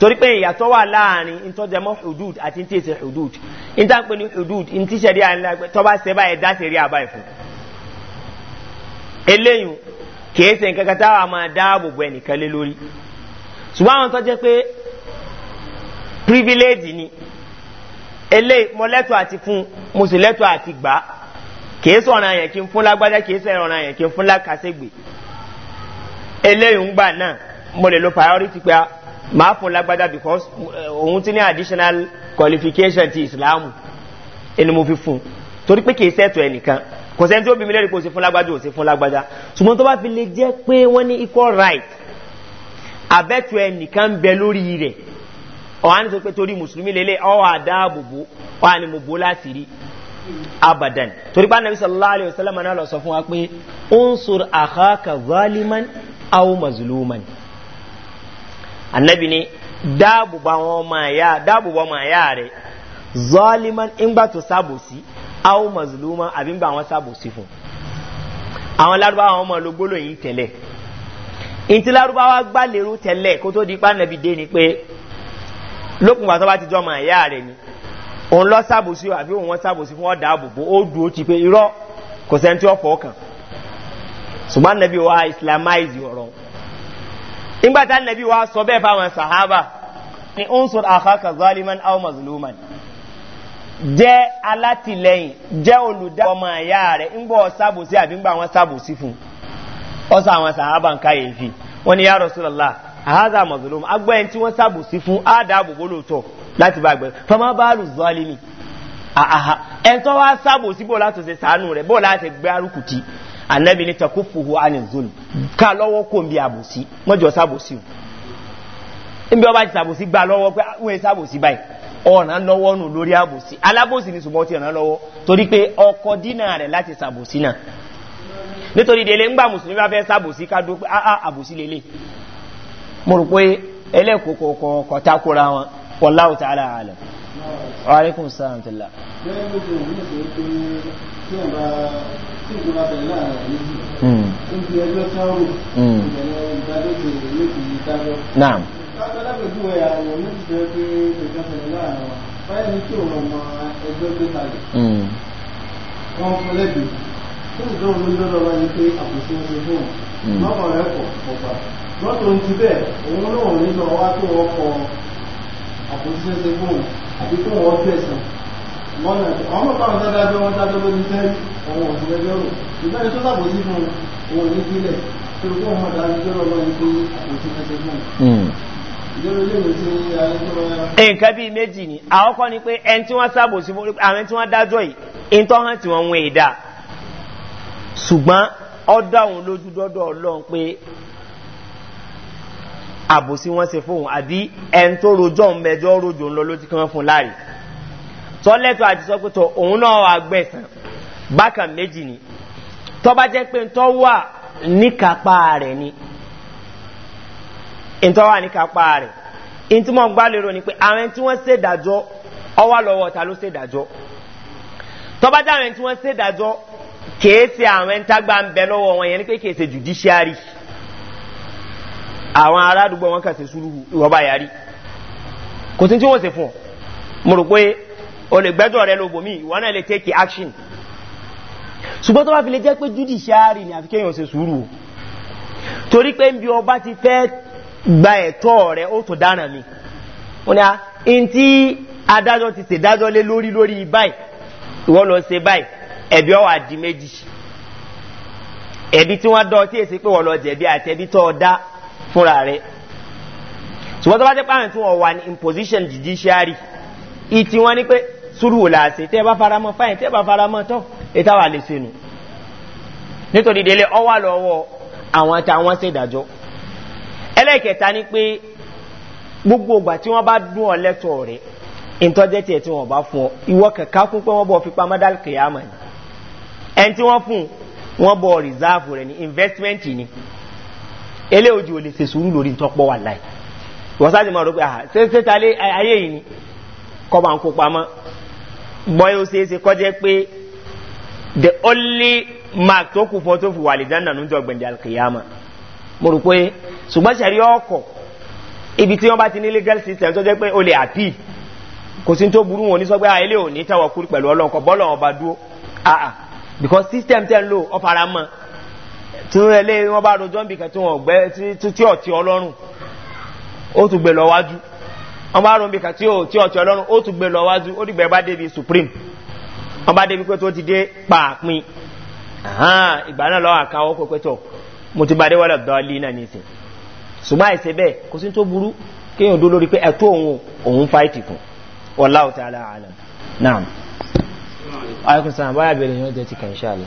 torí pé ìyàtọ̀ wà láàrin ìtọ́jẹmọ́ hudud àti tí èsè hudud ìtàpé ní hudud ìtí sẹ̀rí àìlágbẹ́ tọ́ba sẹ́bà ẹ̀dá sẹ̀rí àbá ìfún eléyìí kìí sẹ̀ nǹkan kátà wà máa dáàbò bo ẹnìkan lé lórí ṣùgbọ́n àwọn tọ́jẹ́ pé privilege ni eléyìí mo lẹ́tọ̀ àti fún mo sì lẹ́tọ̀ àti gbà á kìí sọ̀rọ̀ àyàn kí n fún lágbájá kìí sọ̀rọ̀ àyàn kí n fún lákàṣègbè eléyìí ń gbà náà mo lè lo priority pé màá fún lágbájá because eh, òun ti ní additional qualification ti islam ẹni mo fi fún torí pé kìí sẹ́tọ̀ ẹnìkan kò sẹ́ni tí ó bí mi lẹ́rìí kó o fún lágbájá ò sì fún lágbájá ṣùgbọ́n tó bá fi lè jẹ́ pé wọ́n ní equal right abẹ́tọ̀ ẹnìkan ń bẹ lórí rẹ̀ ọ̀hán ní sọ pé torí mùsùlùmí lélẹ̀ ọwọ́ àdáàbòbò ọ̀hán ni mo bó láti rí abadan torí pé anabi sallallahu alayhi wa sallam náà lọ sọ fún wa pé unsur akhaka zaliman aw mazuluman. anabi ni dáàbò bá wọn máa yá dáàbò bá rẹ zaliman ńgbà tó sábòsí aw mazluman àbí ńgbà wọn sábòsí fún àwọn lárúbáwá wọn máa lo gbólóyìn tẹlẹ ntí lárúbáwá gbà lérò tẹlẹ kó di pé anabi dé ni pé. lókun wà bá ti jọ mọ ẹ̀yà rẹ̀ ni lọ àbí òun wọn sábòsí fún ọ̀dà àbòbò ó dùn ti pé irọ́ kò sẹ́ni tí ó fọ́ kàn ṣùgbọ́n nàbí wa islamize ọ̀rọ̀ nàbí wa sọ bẹ́ẹ̀ fáwọn sàhábà ni ó ń sọ àkàkà zaliman aw jẹ́ alátìlẹyìn jẹ́ ma rẹ̀ àbí fún àwọn sàhábà ń káyè fi wọ́n ni yá àhádà mọ̀sùlùmí agbọ́ ẹni tí wọ́n sàbòsí fún àdàbòbò lóòótọ́ láti bá gbẹ̀rẹ̀ fama báàlù zọ́ọ̀lìmì àhà ẹ̀ńtọ́ wá sàbòsí bó láti ṣe sàánú rẹ̀ bó láti gbé arúkùtì ànábì ní takufuhu anizul ká lọ́wọ́ kò ń bí àbòsí mọ́jọ sàbòsí o níbi ọba ti sàbòsí gbà lọ́wọ́ pé ah, wọ́n sàbòsí báyìí ọ̀nà lọ́wọ́ nù lórí àbòsí alábòsí ni ṣùgbọ́n ti ọ̀nà lọ́wọ́ torí pé ọkọ̀ dínà rẹ̀ láti sàbòsí náà nítorí délé ńgbà mùsùlùmí bá fẹ́ sàbòsí ká dó pé ah, ah, àbòsí lélẹ̀ mo rò pé ẹlẹ́kọ̀ọ́ kọ̀ọ̀kọ̀ kọ̀ọ̀ta kóra wọn wọláwù tí ara àlẹ́ alaikum salam tila. Hmm. Hmm. naam. wọ́n fún lẹ́bi fún ìdánwò lọ́dọ̀ wáyé pé àpòsí wọn ti fún un. wọ́n kọ̀ rẹ̀ pọ̀ pọ̀ pa wọ́n tó ń ti bẹ́ẹ̀ òun náà nínú ọwá tó wọ́n kọ àpòtíṣẹ́ṣe fún òun àti tó wọ́n tẹ̀sán lọ́nà àwọn mọ̀pá àwọn dáadáa wọn dájọ́ lórí sẹ́yìn ọ̀hún ọ̀sìn ẹgbẹ́ rò ìgbẹ́ni tó dàbò sí fún òun ní sílẹ̀ tó kó wọn mọ̀dá ìjọ́rọ̀ lọ́wọ́ ní pé àpòtíṣẹ́ṣe fún òun hmm. nǹkan bíi méjì ni àkọ́kọ́ ni pé ẹni tí wọ́n sábò sí fún àwọn tí wọ́n dájọ́ yìí ẹni tó tí wọ́n ń wọ ìdá e ṣùgbọ́n ọ àbòsí wọn ṣe fóun àbí ẹni tó rojọ́ ń mẹjọ́ rojò ń lọ ló ti kí wọ́n fún láàyè tọ́lẹ́tọ̀ àti sọ òun náà wà gbẹ̀sán bákan méjì ni tọ́ba jẹ́ pé ntọ́ wà níkàpá rẹ̀ ni ntọ́ wà níkàpá rẹ̀ ntí mo gbá lérò ni pé àwọn tí wọ́n ṣèdájọ́ ọwọ́ lọ́wọ́ ta ló ṣèdájọ́ tọ́ba jẹ́ àwọn tí wọ́n ṣèdájọ́ kèé ṣe àwọn tágbà ń bẹ lọ́wọ́ wọn yẹn ni pé kèé ṣe judiciary àwọn aládùúgbò wọn kà sí sùúrù ìwọ bá yarí kò sí tí wọ́n ṣe fún ọ mo rò pé o lè gbẹ́jọ́ rẹ lóbo mi ìwọ náà lè take action ṣùgbọ́n tó bá fi lè jẹ́ pé judiciary ni àfi kéèyàn ṣe sùúrù o torí pé nbí ọba ti fẹ́ gba ẹ̀tọ́ rẹ ó tó dára mi wọn ni a n tí adájọ́ ti ṣèdájọ́ lé lórí lórí báyìí ìwọ lọ ṣe báyìí ẹ̀bí ọ̀wà di méjì ẹ̀bí tí wọ́n dọ́ tí èsì pé wọ́n lọ jẹ̀bi àti ẹ̀bí tó ọ dá fúnra rẹ̀ ṣùgbọ́n tó bá jẹ́ pàmì tí wọ́n wà ní imposition judiciary ìtì wọn ni pé sùúrù wò láàṣẹ tẹ́ bá faramọ́ fáyìn tẹ́ bá faramọ́ tọ́ ètò àwọn àlèṣe nù nítorí délé ọwà lọ́wọ́ àwọn àtàwọn ṣèdájọ́ ẹlẹ́kẹta ni pé gbogbo ìgbà tí wọ́n bá dún ọ lẹ́tọ̀ọ́ rẹ̀ ìtọ́jẹ́ tiẹ̀ tí wọ́n bá fún ọ ìwọ kẹ̀kẹ́ kún pé wọ́n bọ̀ fipá mọ́dálì kìyàmọ̀ ni ẹni tí wọ́n fún wọ́n bọ̀ rìsáàfù rẹ̀ ní investment ni ẹlẹ́ òjò lè ṣe sùúrù lórí tọ́pọ̀ wà láì wọ́n sáà ti máa rọ pé ah, ṣẹ́ta lé ayé yìí ni kọ́ bá ń kó pamọ́ bọ́yé ó ṣeé ṣe kọ́jẹ́ pé the only mark tó kù fọ́ tó fi wà lè dáná nínú ọgbẹ̀ndẹ̀ alkiyama mo rò pé ṣùgbọ́n ṣẹ̀rí ọkọ̀ ibi tí wọ́n bá ti ní legal system tó jẹ́ pé o lè àpì kò sí tó burú wọn ní sọ pé ilé ah, ò ní tẹ́wọ̀ kúrú pẹ̀lú ọlọ́nkọ bọ́ọ̀lù ọba dúró ah ah because system tẹ́ ń ọ fara mọ́ tí wọ́n lé wọ́n bá rojọ́ nbìkan tí wọ́n gbẹ́ tí ọ̀tí ọlọ́run ó tún gbé lọ wájú wọ́n bá rojọ́ nbìkan tí ọ̀tí ọlọ́run ó tún gbé wájú ó dìgbà bá débi supreme wọ́n bá débi pé tó ti dé pàápín ìgbà náà lọ́wọ́ àkáwọ́ pé pẹ́tọ̀ mo ti bàdé wọ́lẹ̀ dọ́ọ̀lì náà nìsín ṣùgbọ́n àìsè bẹ́ẹ̀ kò sí tó burú kéèyàn dó lórí pé ẹ̀tọ́ òun òun fáìtì kù wọ́n láwùtà aláàlá náà. ayọ̀kùn sàn bẹ̀rẹ̀ yóò jẹ́ ti kàn ṣáàlà.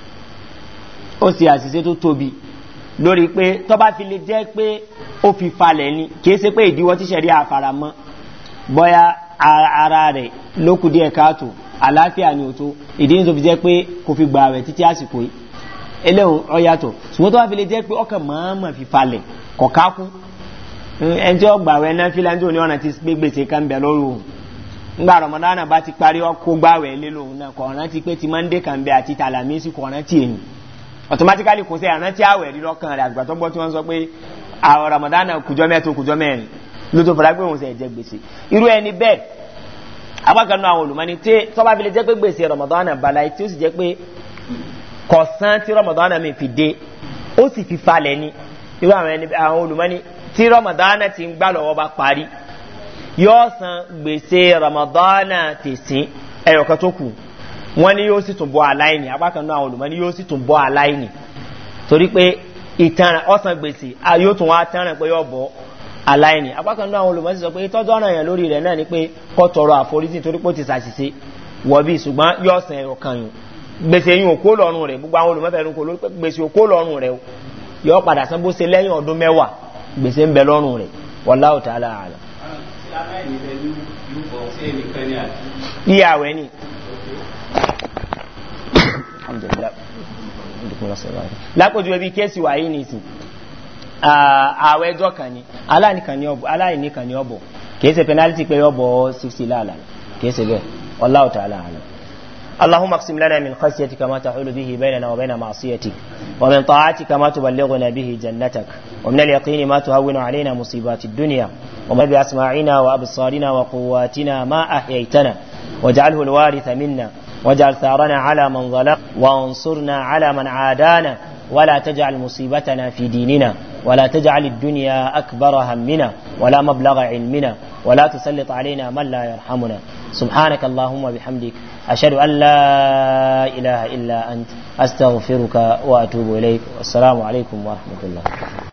ó sì àṣìṣe tó tóbi lórí pé tó bá fi lè jẹ́ pé ó fi falẹ̀ ni kìí ṣe pé ìdíwọ́ tíṣẹ̀ rí àfaramọ́ bọ́yá ara rẹ̀ lókù díẹ̀ káàtó àlàáfíà ni ò tó ìdí ní tó fi jẹ́ pé kò fi gbà rẹ̀ títí àsìkò yìí eléhùn ọ̀yàtọ̀ ṣùgbọ́n tó bá fi lè jẹ́ pé ọkàn mọ̀ọ́mọ̀ fi falẹ̀ ẹni tí ó gbà rẹ̀ náà fi láńjọ́ ní ọ̀nà tí gbèsè kan bẹ̀ lórí òun ngba ti náà automatically kò sí àrántí àwẹ̀ rí lọ́kàn rẹ̀ àgbà tó gbọ́ tí wọ́n sọ pé àwọn ramadan kùjọ mẹ́tò kùjọ mẹ́rin ló tó fara pé òun sì ẹ̀jẹ̀ gbèsè irú ẹni bẹ́ẹ̀ abákanu àwọn olùmọ́ni tí tọ́ba fi lè jẹ́ pé gbèsè ramadan balaye tí ó sì jẹ́ pé kọ̀sán tí ramadan mi fi dé ó sì fi falẹ̀ ni irú àwọn olùmọ́ni tí ramadan ti ń gbà lọ́wọ́ bá parí yóò san gbèsè ramadan tèsín ẹ̀yọ̀kan tó kù wọ́n ní yóò sì tún bọ́ aláìní apákan náà àwọn olùmọ́ ní yóò sì tún bọ́ aláìní torí pé ìtàn ọ̀sán gbèsè yóò tún wá tẹ́ràn pé yóò bọ́ aláìní apákan náà àwọn olùmọ́ sì sọ pé tọ́jú ọ̀nà yẹn lórí rẹ̀ náà ni pé kọ́ tọrọ àforíjì torí pé ó ti ṣàṣìṣe wọ̀bí ṣùgbọ́n yóò sàn ẹ̀rọ kan yìí gbèsè yìí òkó lọ́rùn rẹ̀ gbogbo àwọn olùmọ́fẹ́rin kò lórí pé alhamdulillah lápòjú ẹbí kéèsì wáyé ní ìsìn ààwẹ̀ ẹjọ́ kan ni aláìní kan ni ọbọ̀ kìí ṣe penalty pé ọbọ̀ 60 láàlá kìí ṣe bẹ́ẹ̀ ọláòtà aláàlá اللهم اقسم لنا من خشيتك ما تحول به بيننا وبين معصيتك ومن طاعتك ما تبلغنا به جنتك ومن اليقين ما تهون علينا مصيبات الدنيا ومن بأسماعنا وأبصارنا وقواتنا ما أحييتنا واجعله الوارث منا واجعل ثارنا على من ظلق وانصرنا على من عادانا ولا تجعل مصيبتنا في ديننا ولا تجعل الدنيا أكبر همنا ولا مبلغ علمنا ولا تسلط علينا من لا يرحمنا سبحانك اللهم وبحمدك أشهد أن لا إله إلا أنت أستغفرك وأتوب إليك والسلام عليكم ورحمة الله